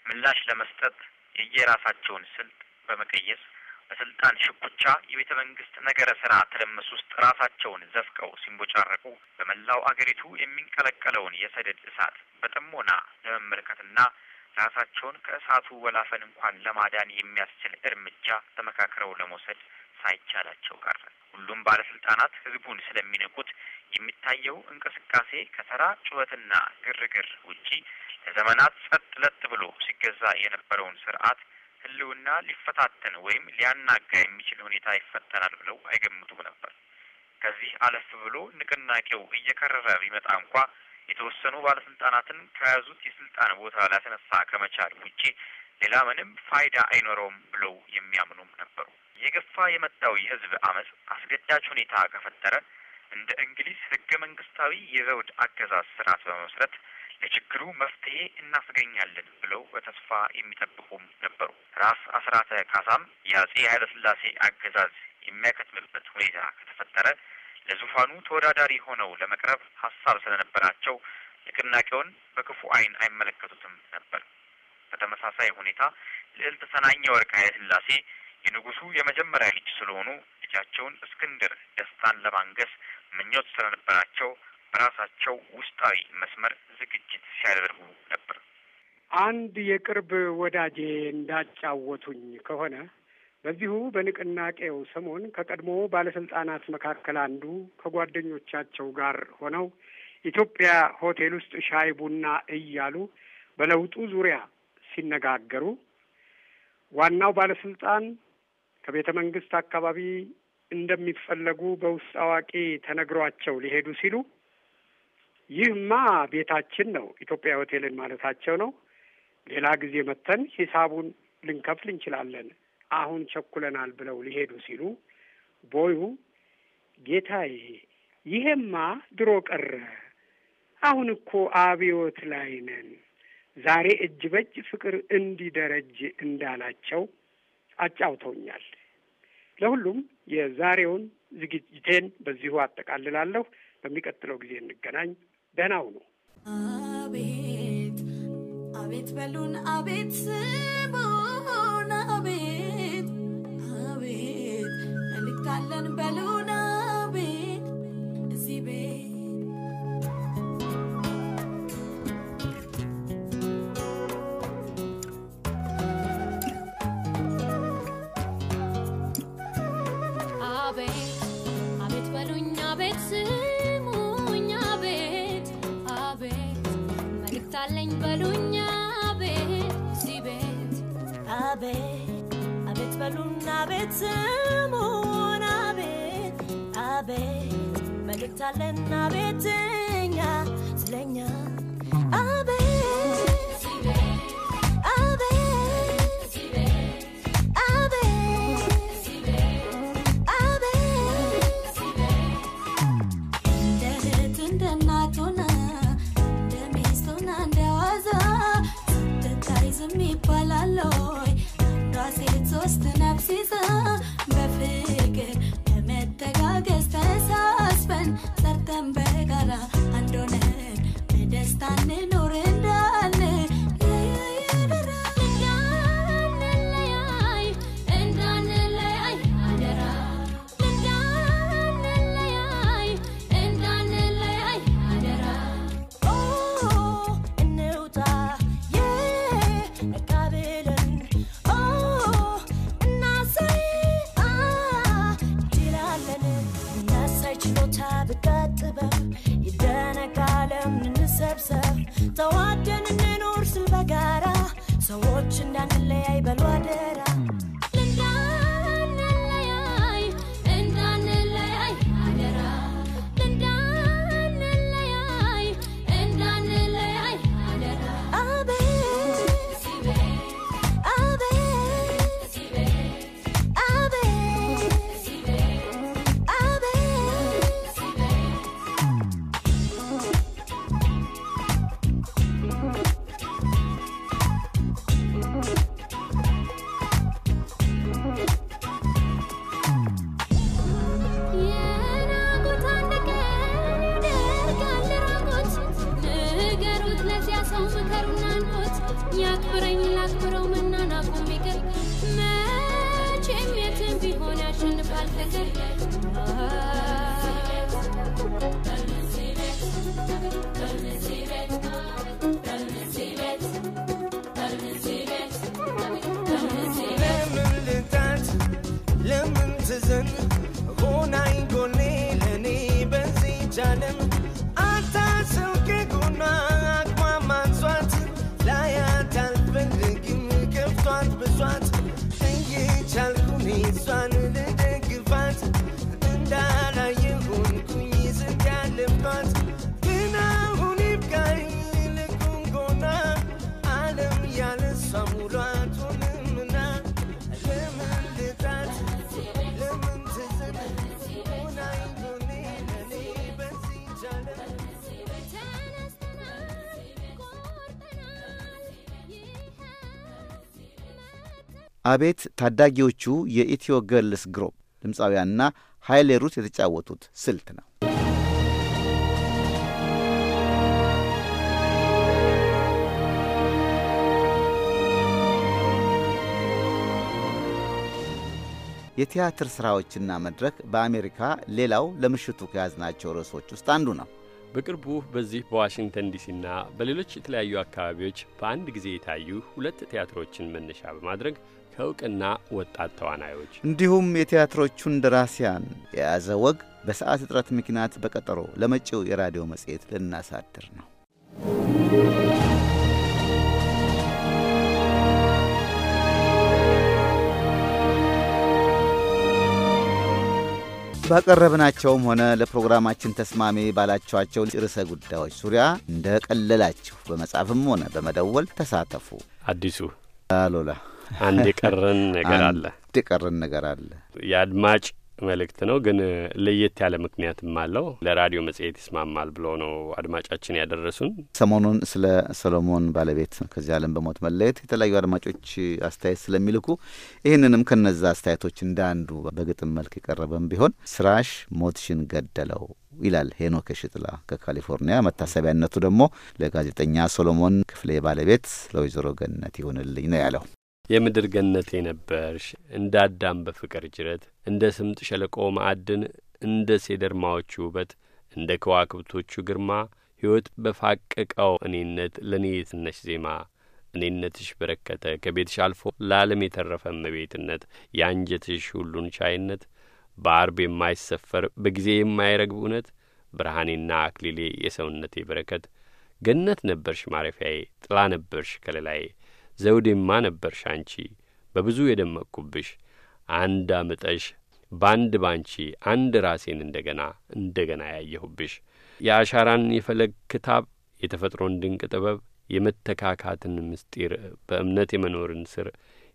M: ምላሽ ለመስጠት የየራሳቸውን ስልት በመቀየስ በስልጣን ሽኩቻ የቤተ መንግስት ነገረ ስራ ትርምስ ውስጥ ራሳቸውን ዘፍቀው ሲንቦጫረቁ በመላው አገሪቱ የሚንቀለቀለውን የሰደድ እሳት በጥሞና ለመመልከትና ራሳቸውን ከእሳቱ ወላፈን እንኳን ለማዳን የሚያስችል እርምጃ ተመካክረው ለመውሰድ ሳይቻላቸው ቀረ። ሁሉም ባለስልጣናት ህዝቡን ስለሚነቁት የሚታየው እንቅስቃሴ ከተራ ጩኸትና ግርግር ውጪ ለዘመናት ጸጥ ለጥ ብሎ ሲገዛ የነበረውን ስርዓት ህልውና ሊፈታተን ወይም ሊያናጋ የሚችል ሁኔታ ይፈጠራል ብለው አይገምቱም ነበር። ከዚህ አለፍ ብሎ ንቅናቄው እየከረረ ቢመጣ እንኳ የተወሰኑ ባለስልጣናትን ከያዙት የስልጣን ቦታ ሊያስነሳ ከመቻል ውጪ ሌላ ምንም ፋይዳ አይኖረውም ብለው የሚያምኑም ነበሩ። የገፋ የመጣው የህዝብ አመፅ አስገዳጅ ሁኔታ ከፈጠረ እንደ እንግሊዝ ህገ መንግስታዊ የዘውድ አገዛዝ ስርዓት በመመስረት ለችግሩ መፍትሄ እናስገኛለን ብለው በተስፋ የሚጠብቁም ነበሩ። ራስ አስራተ ካሳም የአጼ ስላሴ አገዛዝ የሚያከትምበት ሁኔታ ከተፈጠረ ለዙፋኑ ተወዳዳሪ ሆነው ለመቅረብ ሀሳብ ስለነበራቸው ንቅናቄውን በክፉ አይን አይመለከቱትም ነበር። በተመሳሳይ ሁኔታ ልዕልት ሰናኘ ወርቅ ኃይለስላሴ የንጉሱ የመጀመሪያ ልጅ ስለሆኑ ልጃቸውን እስክንድር ደስታን ለማንገስ ምኞት ስለነበራቸው በራሳቸው ውስጣዊ መስመር ዝግጅት ሲያደርጉ ነበር።
L: አንድ የቅርብ ወዳጄ እንዳጫወቱኝ ከሆነ በዚሁ በንቅናቄው ሰሞን ከቀድሞ ባለስልጣናት መካከል አንዱ ከጓደኞቻቸው ጋር ሆነው ኢትዮጵያ ሆቴል ውስጥ ሻይ ቡና እያሉ በለውጡ ዙሪያ ሲነጋገሩ ዋናው ባለስልጣን ከቤተ መንግስት አካባቢ እንደሚፈለጉ በውስጥ አዋቂ ተነግሯቸው ሊሄዱ ሲሉ ይህማ ቤታችን ነው ኢትዮጵያ ሆቴልን ማለታቸው ነው። ሌላ ጊዜ መተን ሂሳቡን ልንከፍል እንችላለን፣ አሁን ቸኩለናል ብለው ሊሄዱ ሲሉ ቦዩ ጌታዬ፣ ይሄማ ድሮ ቀረ። አሁን እኮ አብዮት ላይ ነን። ዛሬ እጅ በእጅ ፍቅር እንዲደረጅ እንዳላቸው አጫውተውኛል። ለሁሉም የዛሬውን ዝግጅቴን በዚሁ አጠቃልላለሁ። በሚቀጥለው ጊዜ እንገናኝ። ደህናው ነው።
I: አቤት አቤት በሉን፣ አቤት ስሙን፣ አቤት አቤት መልእክታለን በ አቤት አቤት በሉና አቤት ስሙን አቤት አቤት መልእክት አለን አቤትኛ ስለኛ lost in our season.
A: አቤት ታዳጊዎቹ የኢትዮ ገርልስ ግሩፕ ድምፃውያንና ኃይሌ ሩት የተጫወቱት ስልት ነው። የቲያትር ሥራዎችና መድረክ በአሜሪካ ሌላው ለምሽቱ ከያዝናቸው ርዕሶች
B: ውስጥ አንዱ ነው። በቅርቡ በዚህ በዋሽንግተን ዲሲና በሌሎች የተለያዩ አካባቢዎች በአንድ ጊዜ የታዩ ሁለት ቲያትሮችን መነሻ በማድረግ ከእውቅና ወጣት ተዋናዮች
A: እንዲሁም የቲያትሮቹን ደራሲያን የያዘ ወግ በሰዓት እጥረት ምክንያት በቀጠሮ ለመጪው የራዲዮ መጽሔት ልናሳድር ነው። ባቀረብናቸውም ሆነ ለፕሮግራማችን ተስማሚ ባላችኋቸው ርዕሰ ጉዳዮች ዙሪያ ቀለላችሁ በመጻፍም ሆነ በመደወል ተሳተፉ። አዲሱ አሎላ
B: አንድ የቀረን ነገር አለ። አንድ የቀረን ነገር አለ። የአድማጭ መልእክት ነው፣ ግን ለየት ያለ ምክንያትም አለው። ለራዲዮ መጽሔት ይስማማል ብሎ ነው አድማጫችን ያደረሱን።
A: ሰሞኑን ስለ ሰሎሞን ባለቤት ከዚህ ዓለም በሞት መለየት የተለያዩ አድማጮች አስተያየት ስለሚልኩ ይህንንም ከነዛ አስተያየቶች እንደ አንዱ በግጥም መልክ የቀረበም ቢሆን ስራሽ ሞትሽን ገደለው ይላል ሄኖክ ሽጥላ ከካሊፎርኒያ። መታሰቢያነቱ ደግሞ ለጋዜጠኛ ሶሎሞን ክፍሌ ባለቤት ለወይዘሮ ገነት ይሆንልኝ ነው ያለው።
B: የምድር ገነቴ ነበርሽ እንደ አዳም በፍቅር ጅረት እንደ ስምጥ ሸለቆ ማዕድን እንደ ሴደርማዎቹ ውበት እንደ ከዋክብቶቹ ግርማ ሕይወት በፋቀቀው እኔነት ለእኔ የትነሽ ዜማ እኔነትሽ በረከተ ከቤትሽ አልፎ ለዓለም የተረፈ እመቤትነት የአንጀትሽ ሁሉን ቻይነት በአርብ የማይሰፈር በጊዜ የማይረግብ እውነት ብርሃኔና አክሊሌ የሰውነቴ በረከት ገነት ነበርሽ ማረፊያዬ ጥላ ነበርሽ ከሌላዬ ዘውዴማ ነበርሽ አንቺ በብዙ የደመቅኩብሽ አንድ አምጠሽ በአንድ ባንቺ አንድ ራሴን እንደ ገና እንደ ገና ያየሁብሽ የአሻራን የፈለግ ክታብ የተፈጥሮን ድንቅ ጥበብ የመተካካትን ምስጢር በእምነት የመኖርን ስር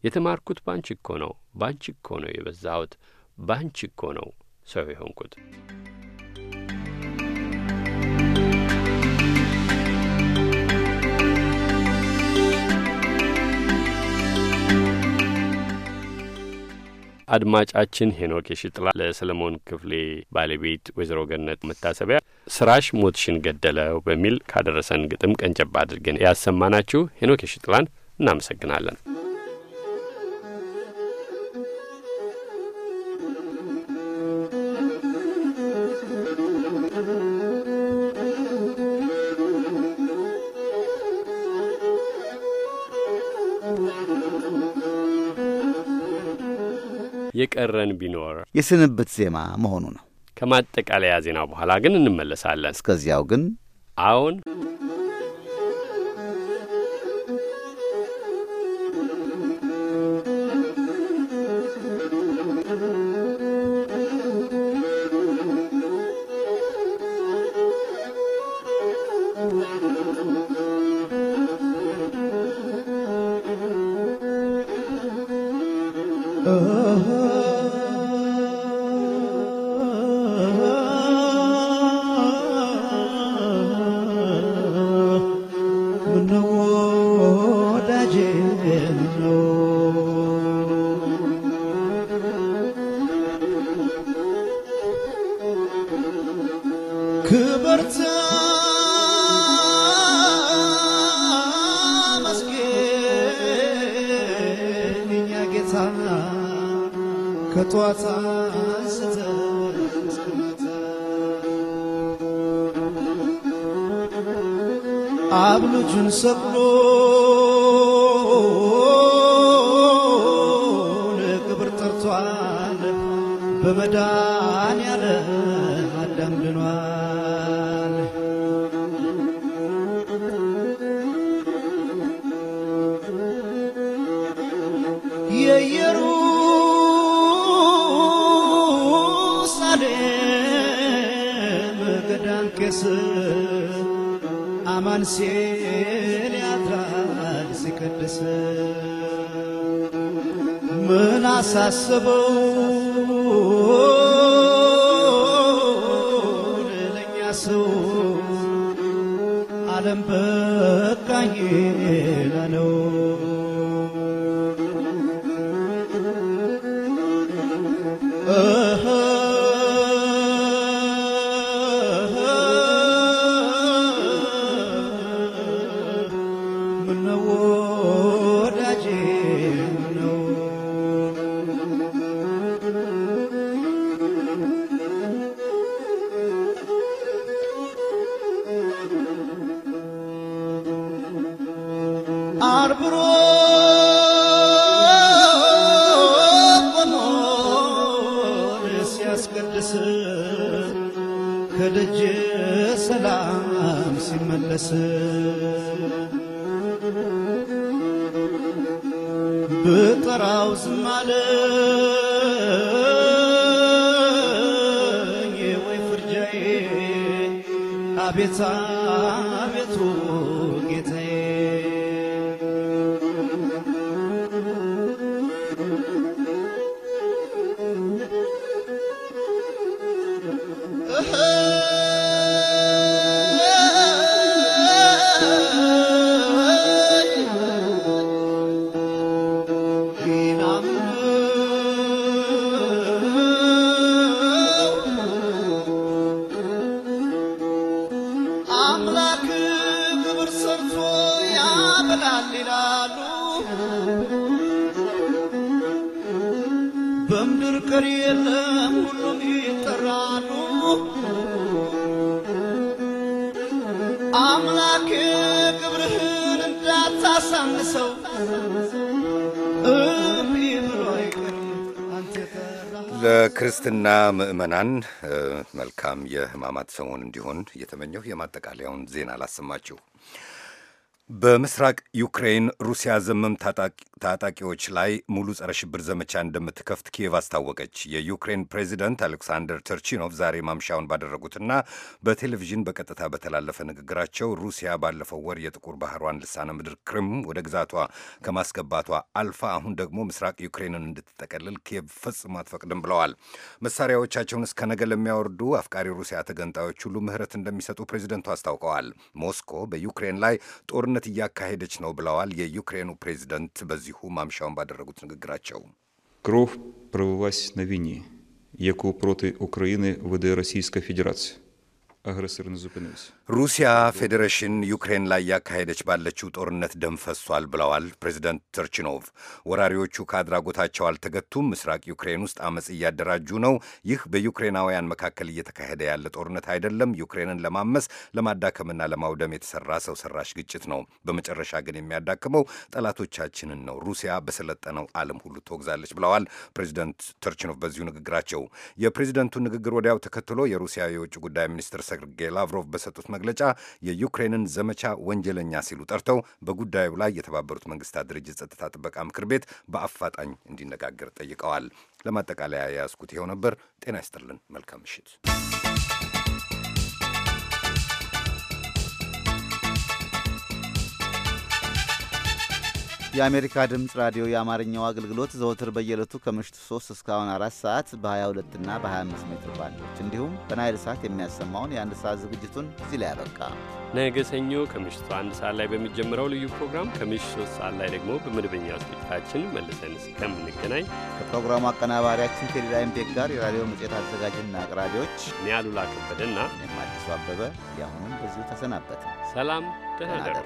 B: የተማርኩት ባንቺ እኮ ነው ባንቺ እኮ ነው የበዛሁት ባንቺ እኮ ነው ሰው የሆንኩት። አድማጫችን ሄኖክ የሽጥላ ለሰለሞን ክፍሌ ባለቤት ወይዘሮ ገነት መታሰቢያ ስራሽ ሞትሽን ገደለው በሚል ካደረሰን ግጥም ቀንጨባ አድርገን ያሰማናችሁ ሄኖክ የሽጥላን እናመሰግናለን። የቀረን ቢኖር
A: የስንብት ዜማ መሆኑ ነው።
B: ከማጠቃለያ ዜናው በኋላ ግን እንመለሳለን። እስከዚያው ግን አሁን
N: ከጧት አንስተ አብ ልጁን ሰቅሎ ለክብር ጠርቷል በመዳን ያለ ሲል ያድራል ሲቀድስ ምን አሳስበው ለእኛ ሰው ዓለም በቃኝ ቤታ ቤቱ
G: አባትና ምእመናን መልካም የህማማት ሰሞን እንዲሆን እየተመኘሁ የማጠቃለያውን ዜና አላሰማችሁ። በምስራቅ ዩክሬን ሩሲያ ዘመም ታጣቂ ታጣቂዎች ላይ ሙሉ ጸረ ሽብር ዘመቻ እንደምትከፍት ኪየቭ አስታወቀች። የዩክሬን ፕሬዚደንት አሌክሳንደር ተርቺኖቭ ዛሬ ማምሻውን ባደረጉትና በቴሌቪዥን በቀጥታ በተላለፈ ንግግራቸው ሩሲያ ባለፈው ወር የጥቁር ባህሯን ልሳነ ምድር ክሪም ወደ ግዛቷ ከማስገባቷ አልፋ አሁን ደግሞ ምስራቅ ዩክሬንን እንድትጠቀልል ኪየቭ ፈጽሞ አትፈቅድም ብለዋል። መሳሪያዎቻቸውን እስከ ነገ ለሚያወርዱ አፍቃሪ ሩሲያ ተገንጣዮች ሁሉ ምህረት እንደሚሰጡ ፕሬዚደንቱ አስታውቀዋል። ሞስኮ በዩክሬን ላይ ጦርነት እያካሄደች ነው ብለዋል የዩክሬኑ ፕሬዚደንት በዚ በዚሁ ማምሻውን ባደረጉት ንግግራቸው кров пролилась на війні, яку проти України веде Російська Федерація. агресор не ሩሲያ ፌዴሬሽን ዩክሬን ላይ ያካሄደች ባለችው ጦርነት ደም ፈሷል ብለዋል ፕሬዚደንት ተርችኖቭ። ወራሪዎቹ ከአድራጎታቸው አልተገቱም፣ ምስራቅ ዩክሬን ውስጥ አመፅ እያደራጁ ነው። ይህ በዩክሬናውያን መካከል እየተካሄደ ያለ ጦርነት አይደለም፣ ዩክሬንን ለማመስ ለማዳከምና ለማውደም የተሰራ ሰው ሰራሽ ግጭት ነው። በመጨረሻ ግን የሚያዳክመው ጠላቶቻችንን ነው። ሩሲያ በሰለጠነው ዓለም ሁሉ ትወግዛለች ብለዋል ፕሬዚደንት ተርችኖቭ በዚሁ ንግግራቸው። የፕሬዚደንቱ ንግግር ወዲያው ተከትሎ የሩሲያ የውጭ ጉዳይ ሚኒስትር ሰርጌይ ላቭሮቭ በሰጡት መግለጫ የዩክሬንን ዘመቻ ወንጀለኛ ሲሉ ጠርተው በጉዳዩ ላይ የተባበሩት መንግስታት ድርጅት ጸጥታ ጥበቃ ምክር ቤት በአፋጣኝ እንዲነጋገር ጠይቀዋል። ለማጠቃለያ የያዝኩት ይኸው ነበር። ጤና ይስጥልን። መልካም ምሽት።
A: የአሜሪካ ድምፅ ራዲዮ የአማርኛው አገልግሎት ዘወትር በየዕለቱ ከምሽቱ 3 እስካሁን 4 ሰዓት በ22 እና በ25 ሜትር ባንዶች እንዲሁም በናይል ሰዓት የሚያሰማውን የአንድ ሰዓት
B: ዝግጅቱን እዚህ ላይ ያበቃ። ነገ ሰኞ ከምሽቱ አንድ ሰዓት ላይ በሚጀምረው ልዩ ፕሮግራም ከምሽቱ 3 ሰዓት ላይ ደግሞ በመደበኛ ስርጭታችን መልሰን እስከምንገናኝ ከፕሮግራሙ አቀናባሪያችን ቤክ ጋር የራዲዮ መጽሔት አዘጋጅና አቅራቢዎች እኔ አሉላ ከበደና እኔም አዲሱ አበበ
A: ያሁኑም በዚሁ ተሰናበተ።
B: ሰላም፣ ደህና ደሩ።